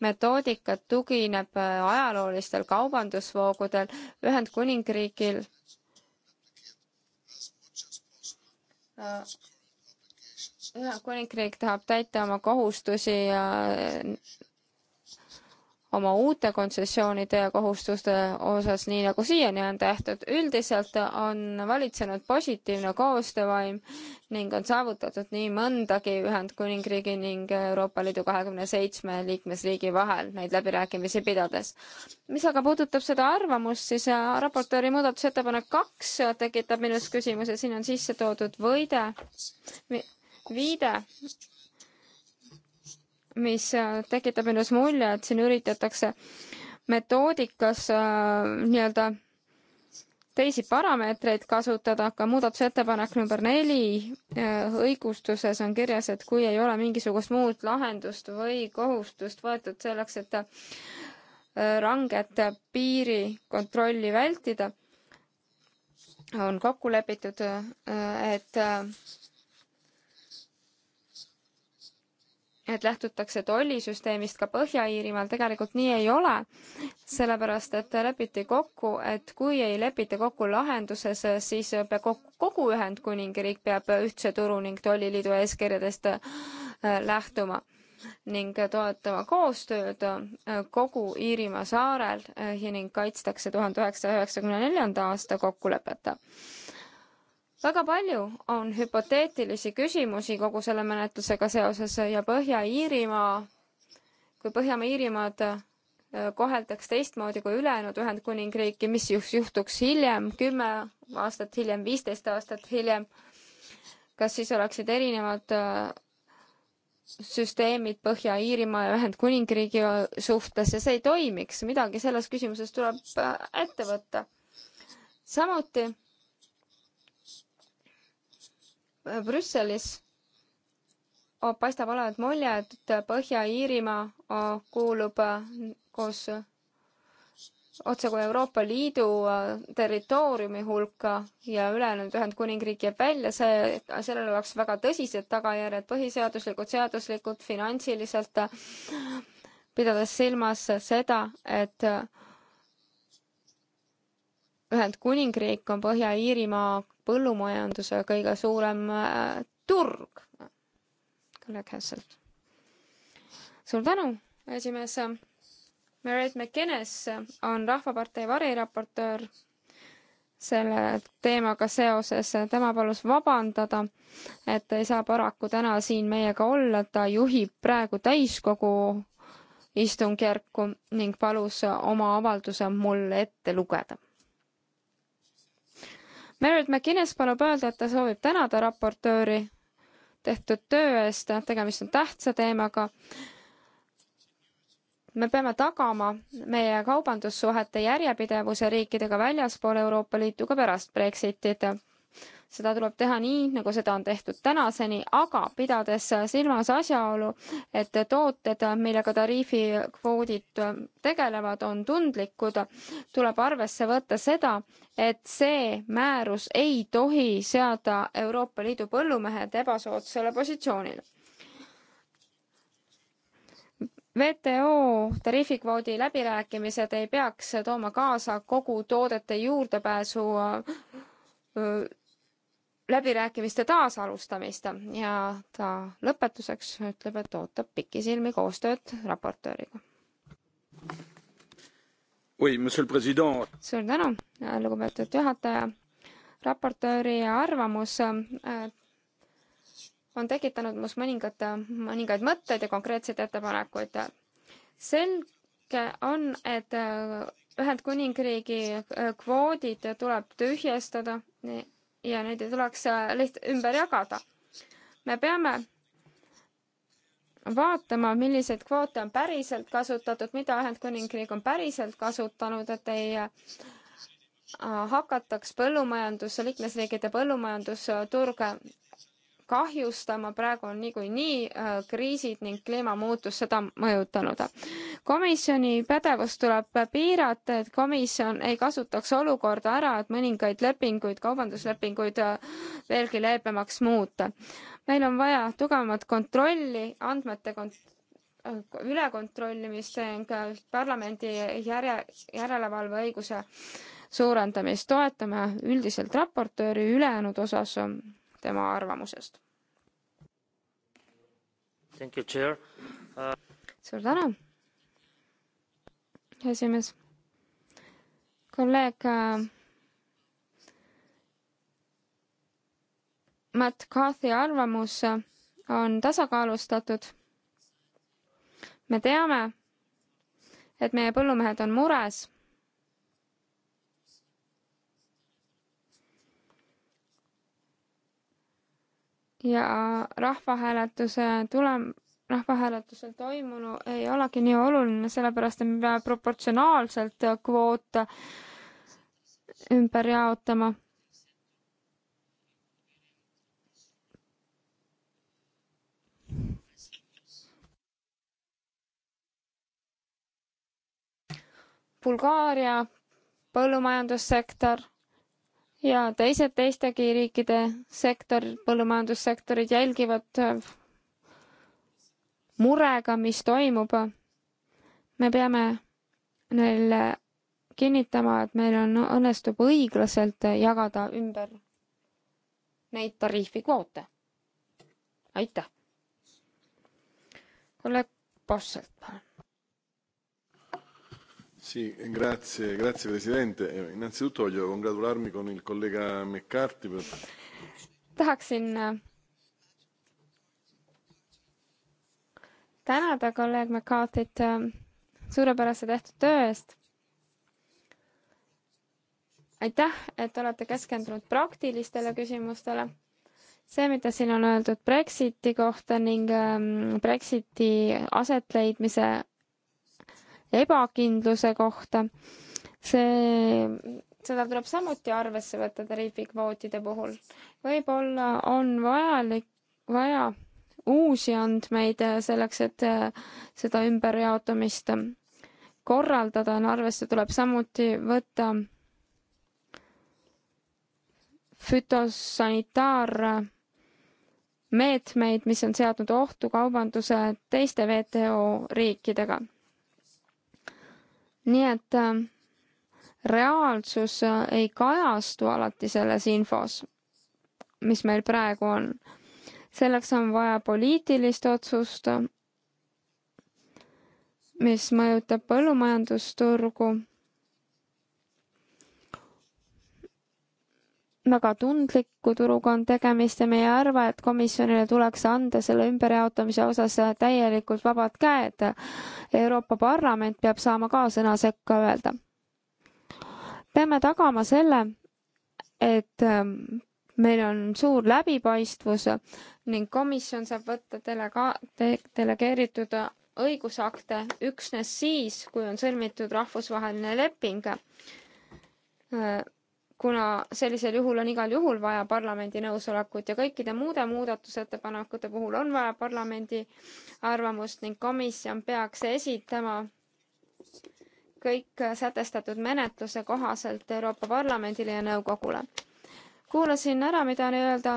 metoodika tugineb ajaloolistel kaubandusvoogudel Ühendkuningriigil äh, Ühendkuningriik tahab täita oma kohustusi oma uute kontsessioonide ja kohustuste osas, nii nagu siiani on tehtud. üldiselt on valitsenud positiivne koostöövaim ning on saavutatud nii mõndagi Ühendkuningriigi ning Euroopa Liidu kahekümne seitsme liikmesriigi vahel neid läbirääkimisi pidades. mis aga puudutab seda arvamust, siis äh, raportööri muudatusettepanek kaks tekitab minus küsimuse, siin on sisse toodud võide, viide mis äh, tekitab minus mulje, et siin üritatakse metoodikas äh, nii-öelda teisi parameetreid kasutada, aga muudatusettepanek number neli äh, õigustuses on kirjas, et kui ei ole mingisugust muud lahendust või kohustust võetud selleks, et ranget piirikontrolli vältida, on kokku lepitud, et et lähtutakse tollisüsteemist ka Põhja-Iirimaal, tegelikult nii ei ole, sellepärast et lepiti kokku, et kui ei lepita kokku lahenduses, siis kogu, kogu Ühendkuningriik peab ühtse turu ning tolliliidu eeskirjadest äh, lähtuma ning toetama koostööd äh, kogu Iirimaa saarel äh, ja ning kaitstakse tuhande üheksasaja üheksakümne neljanda aasta kokkulepet väga palju on hüpoteetilisi küsimusi kogu selle menetlusega seoses ja Põhja-Iirimaa, kui Põhjamaa-Iirimaad äh, koheldaks teistmoodi kui ülejäänud Ühendkuningriiki, mis juhtuks hiljem, kümme aastat hiljem, viisteist aastat hiljem, kas siis oleksid erinevad äh, süsteemid Põhja-Iirimaa ja Ühendkuningriigi suhtes ja see ei toimiks, midagi selles küsimuses tuleb äh, ette võtta. samuti Brüsselis oh, paistab olevat mulje, et Põhja-Iirimaa oh, kuulub äh, koos otsekui Euroopa Liidu äh, territooriumi hulka ja ülejäänud Ühendkuningriik jääb välja, see, sellel oleks väga tõsised tagajärjed põhiseaduslikud, seaduslikud, finantsiliselt, äh, pidades silmas seda, et Ühendkuningriik on Põhja-Iirimaa põllumajanduse kõige suurem äh, turg. kolleeg Hässelt. suur tänu, esimees. Merit McGuinness on Rahvapartei variraportöör selle teemaga seoses. tema palus vabandada, et ei saa paraku täna siin meiega olla, ta juhib praegu täiskogu istungjärku ning palus oma avalduse mul ette lugeda. Merit McInnes palub öelda, et ta soovib tänada raportööri tehtud töö eest, tegemist on tähtsa teemaga. me peame tagama meie kaubandussuhete järjepidevuse riikidega väljaspool Euroopa Liitu ka pärast Brexitit seda tuleb teha nii, nagu seda on tehtud tänaseni, aga pidades silmas asjaolu, et tooted, millega tariifikvoodid tegelevad, on tundlikud, tuleb arvesse võtta seda, et see määrus ei tohi seada Euroopa Liidu põllumehed ebasoodsale positsioonile WTO tariifikvoodi läbirääkimised ei peaks tooma kaasa kogu toodete juurdepääsu läbirääkimiste taasalustamist ja ta lõpetuseks ütleb, et ootab pikisilmi koostööd raportööriga. suur tänu, lugupeetud juhataja. raportööri arvamus äh, on tekitanud must mõningad, mõningaid mõtteid ja konkreetseid ettepanekuid. selge on, et äh, Ühendkuningriigi äh, kvoodid tuleb tühjastada ja neid ei tuleks äh, liht-, ümber jagada. me peame vaatama, milliseid kvoote on päriselt kasutatud, mida Ühendkuningriik on päriselt kasutanud, et ei äh, hakataks põllumajandus, liikmesriikide põllumajandusturge kahjustama, praegu on niikuinii äh, kriisid ning kliimamuutus seda mõjutanud. komisjoni pädevust tuleb piirata, et komisjon ei kasutaks olukorda ära, et mõningaid lepinguid, kaubanduslepinguid äh, veelgi leebemaks muuta. meil on vaja tugevamat kontrolli, andmete kont-, äh, ülekontrollimist ning parlamendi järje, järelevalveõiguse suurendamist. toetame üldiselt raportööri ülejäänud osas tema arvamusest. Uh... suur tänu, esimees. kolleeg uh, Matt Carthy arvamus on tasakaalustatud. me teame, et meie põllumehed on mures ja rahvahääletuse tulem-, rahvahääletusel toimunu ei olegi nii oluline, sellepärast et me peame proportsionaalselt kvoote ümber jaotama. Bulgaaria põllumajandussektor ja teised teistegi riikide sektor, põllumajandussektorid jälgivad äh, murega, mis toimub. me peame neile kinnitama, et meil on, õnnestub õiglaselt jagada ümber neid tariifikvoote. aitäh. kolleeg Posselt, palun. Sì, grazie, grazie Presidente. Eh, innanzitutto voglio congratularmi con il collega McCarthy. Per... Tahaksin eh, tänada kolleeg McCarthy't eh, suurepärase tehtud töö eest. aitäh, et olete keskendunud praktilistele küsimustele. see, mida siin on öeldud Brexiti kohta ning ehm, Brexiti asetleidmise ebakindluse kohta. see, seda tuleb samuti arvesse võtta tariifikvootide puhul. võib-olla on vajalik, vaja uusi andmeid äh, selleks, et äh, seda ümberjaotamist korraldada, on arvesse tuleb samuti võtta fütosanitaarmeetmeid, äh, mis on seadnud ohtu kaubanduse teiste WTO riikidega nii et ähm, reaalsus äh, ei kajastu alati selles infos, mis meil praegu on. selleks on vaja poliitilist otsust, mis mõjutab põllumajandusturgu väga tundliku turuga on tegemist ja me ei arva, et komisjonile tuleks anda selle ümberjaotamise osas täielikult vabad käed. Euroopa Parlament peab saama ka sõna sekka öelda. peame tagama selle, et ähm, meil on suur läbipaistvus ning komisjon saab võtta delega-, delegeeritud õigusakte üksnes siis, kui on sõlmitud rahvusvaheline leping äh, kuna sellisel juhul on igal juhul vaja parlamendi nõusolekut ja kõikide muude muudatusettepanekute puhul on vaja parlamendi arvamust ning komisjon peaks esitama kõik sätestatud menetluse kohaselt Euroopa Parlamendile ja nõukogule. kuulasin ära, mida oli öelda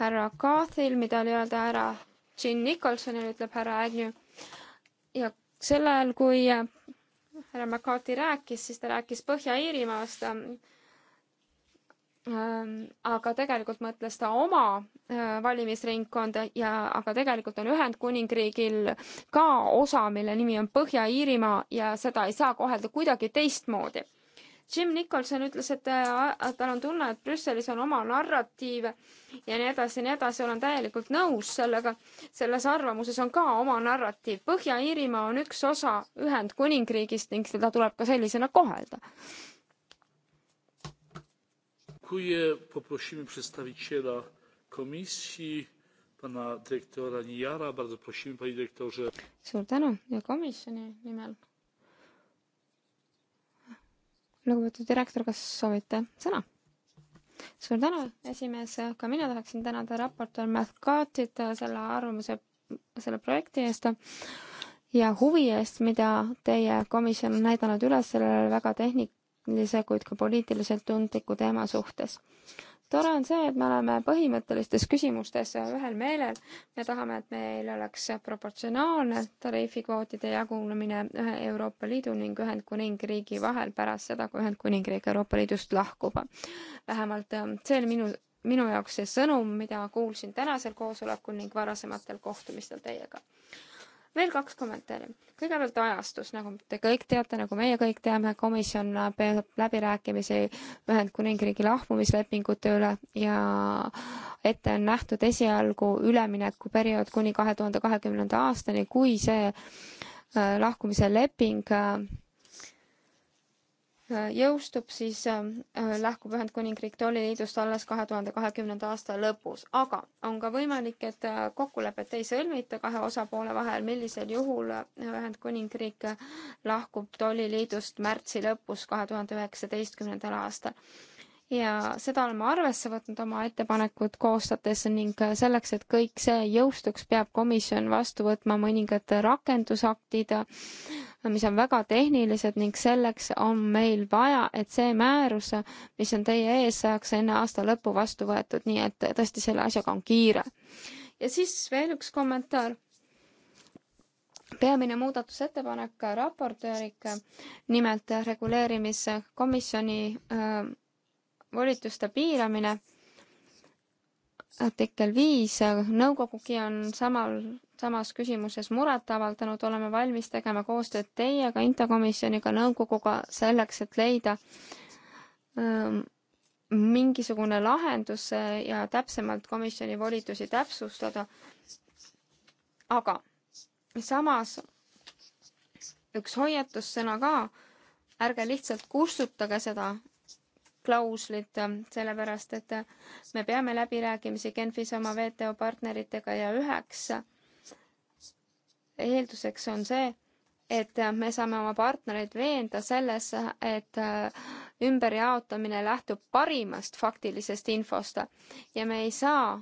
härra Cathil, mida oli öelda härra Jim Nicholsonil, ütleb härra Agnew. ja sel ajal, kui härra McCarthy rääkis, siis ta rääkis Põhja-Iirimaast. Ähm, aga tegelikult mõtles ta oma äh, valimisringkonda ja, aga tegelikult on Ühendkuningriigil ka osa, mille nimi on Põhja-Iirimaa ja seda ei saa kohelda kuidagi teistmoodi Jim Nicholson ütles, et äh, tal on tunne, et Brüsselis on oma narratiiv ja nii edasi ja nii edasi, olen täielikult nõus sellega. selles arvamuses on ka oma narratiiv. Põhja-Iirimaa on üks osa Ühendkuningriigist ning seda tuleb ka sellisena kohelda. kui poprosime predstavitšela komisjoni, pana direktora Niara, suur tänu ja komisjoni nimel lugupeetud direktor, kas soovite sõna? suur tänu, esimees, ka mina tahaksin tänada raportöör Matt Cartit selle arvamuse, selle projekti eest ja huvi eest, mida teie komisjon on näidanud üles sellele väga tehnilise, kuid ka poliitiliselt tundliku teema suhtes tore on see, et me oleme põhimõttelistes küsimustes ühel meelel. me tahame, et meil oleks proportsionaalne tariifikvootide jagunemine ühe Euroopa Liidu ning Ühendkuningriigi vahel pärast seda, kui Ühendkuningriik Euroopa Liidust lahkub. vähemalt ähm, see oli minu, minu jaoks see sõnum, mida kuulsin tänasel koosolekul ning varasematel kohtumistel teiega veel kaks kommentaari. kõigepealt ajastus, nagu te kõik teate, nagu meie kõik teame, komisjon peab läbirääkimisi Ühendkuningriigi lahkumislepingute üle ja ette on nähtud esialgu üleminekuperiood kuni kahe tuhande kahekümnenda aastani, kui see äh, lahkumise leping äh, jõustub, siis ähm, äh, lahkub Ühendkuningriik tolliliidust alles kahe tuhande kahekümnenda aasta lõpus, aga on ka võimalik, et äh, kokkulepet ei sõlmita kahe osapoole vahel, millisel juhul äh, Ühendkuningriik lahkub tolliliidust märtsi lõpus kahe tuhande üheksateistkümnendal aastal ja seda oleme arvesse võtnud oma ettepanekut koostades ning selleks, et kõik see jõustuks, peab komisjon vastu võtma mõningad rakendusaktid, mis on väga tehnilised ning selleks on meil vaja, et see määrus, mis on teie ees, saaks enne aasta lõppu vastu võetud, nii et tõesti selle asjaga on kiire. ja siis veel üks kommentaar peamine muudatusettepanek raportööriga, nimelt reguleerimiskomisjoni äh, volituste piiramine. artikkel viis, nõukogugi on samal, samas küsimuses muret avaldanud, oleme valmis tegema koostööd teiega, Intokomisjoniga, nõukoguga selleks, et leida ähm, mingisugune lahendus ja täpsemalt komisjoni volitusi täpsustada. aga samas üks hoiatussõna ka, ärge lihtsalt kustutage seda klauslit, ähm, sellepärast et äh, me peame läbirääkimisi Genfis oma WTO partneritega ja üheks äh, eelduseks on see, et äh, me saame oma partnereid veenda selles, et ümberjaotamine lähtub parimast faktilisest infost ja me ei saa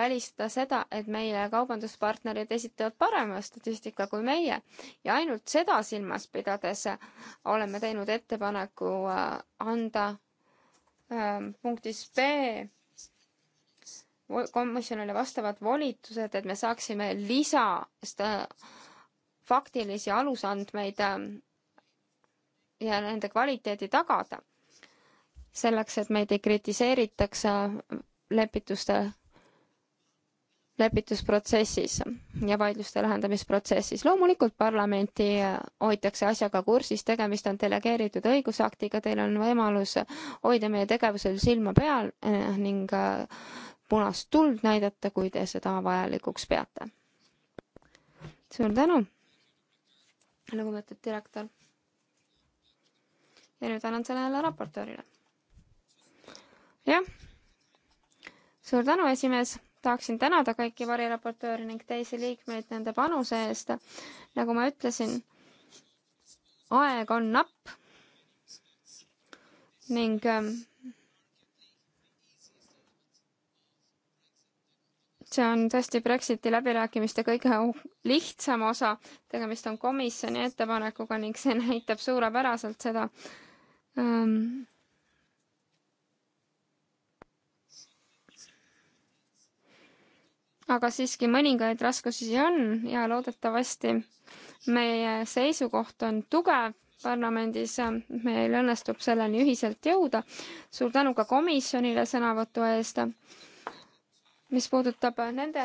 välistada seda, et meie kaubanduspartnerid esitavad parema statistika kui meie ja ainult seda silmas pidades oleme teinud ettepaneku anda Ähm, punktis B komisjonile vastavad volitused, et me saaksime lisa faktilisi alusandmeid ähm, ja nende kvaliteedi tagada. selleks, et meid ei kritiseeritaks äh, lepituste lepitusprotsessis ja vaidluste lahendamisprotsessis. loomulikult parlamenti hoitakse asjaga kursis, tegemist on delegeeritud õigusaktiga, teil on võimalus hoida meie tegevusel silma peal eh, ning eh, punast tuld näidata, kui te seda vajalikuks peate. suur tänu, lugupeetud direktor. ja nüüd annan selle jälle raportöörile. jah, suur tänu, esimees tahaksin tänada kõiki variraportööre ning teisi liikmeid nende panuse eest. nagu ma ütlesin, aeg on napp ning ähm, see on tõesti Brexiti läbirääkimiste kõige lihtsam osa. tegemist on komisjoni ettepanekuga ning see näitab suurepäraselt seda ähm, aga siiski mõningaid raskusi on ja loodetavasti meie seisukoht on tugev parlamendis, meil õnnestub selleni ühiselt jõuda. suur tänu ka komisjonile sõnavõtu eest. mis puudutab nende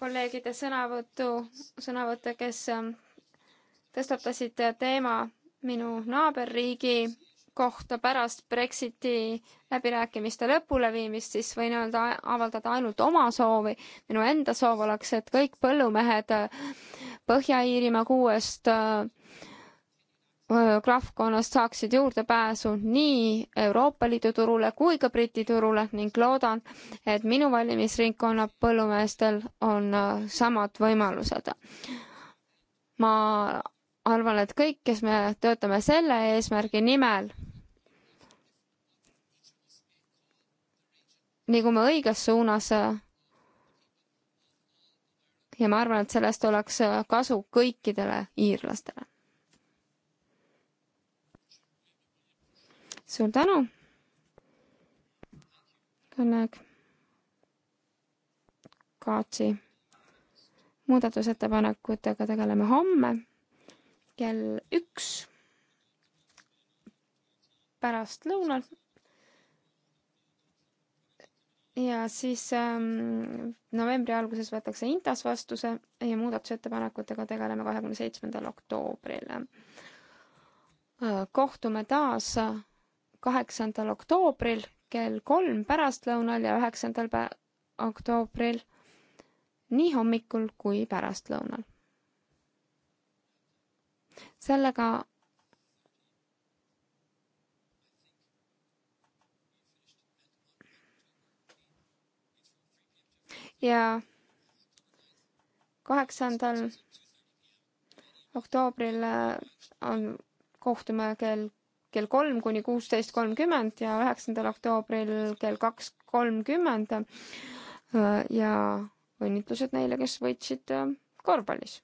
kolleegide sõnavõttu, sõnavõtte, kes tõstatasid teema minu naaberriigi kohta pärast Brexiti läbirääkimiste lõpuleviimist, siis võin öelda, avaldada ainult oma soovi. minu enda soov oleks, et kõik põllumehed Põhja-Iirimaa kuuest äh, krahvkonnast saaksid juurdepääsu nii Euroopa Liidu turule kui ka Briti turule ning loodan, et minu valimisringkonna põllumeestel on äh, samad võimalused. ma arvan, et kõik, kes me töötame selle eesmärgi nimel, liigume õiges suunas. ja ma arvan, et sellest oleks kasu kõikidele iirlastele. suur tänu. kolleeg Kaatsi muudatusettepanekutega tegeleme homme kell üks pärastlõunal. ja siis ähm, novembri alguses võetakse Intas vastuse ja muudatusettepanekutega tegeleme kahekümne seitsmendal oktoobril. Äh, kohtume taas kaheksandal oktoobril kell kolm pärastlõunal ja üheksandal oktoobril nii hommikul kui pärastlõunal sellega ja kaheksandal oktoobril äh, on, kohtume kell, kell kolm kuni kuusteist kolmkümmend ja üheksandal oktoobril kell kaks kolmkümmend. Äh, ja õnnitlused neile, kes võitsid äh, korvpallis.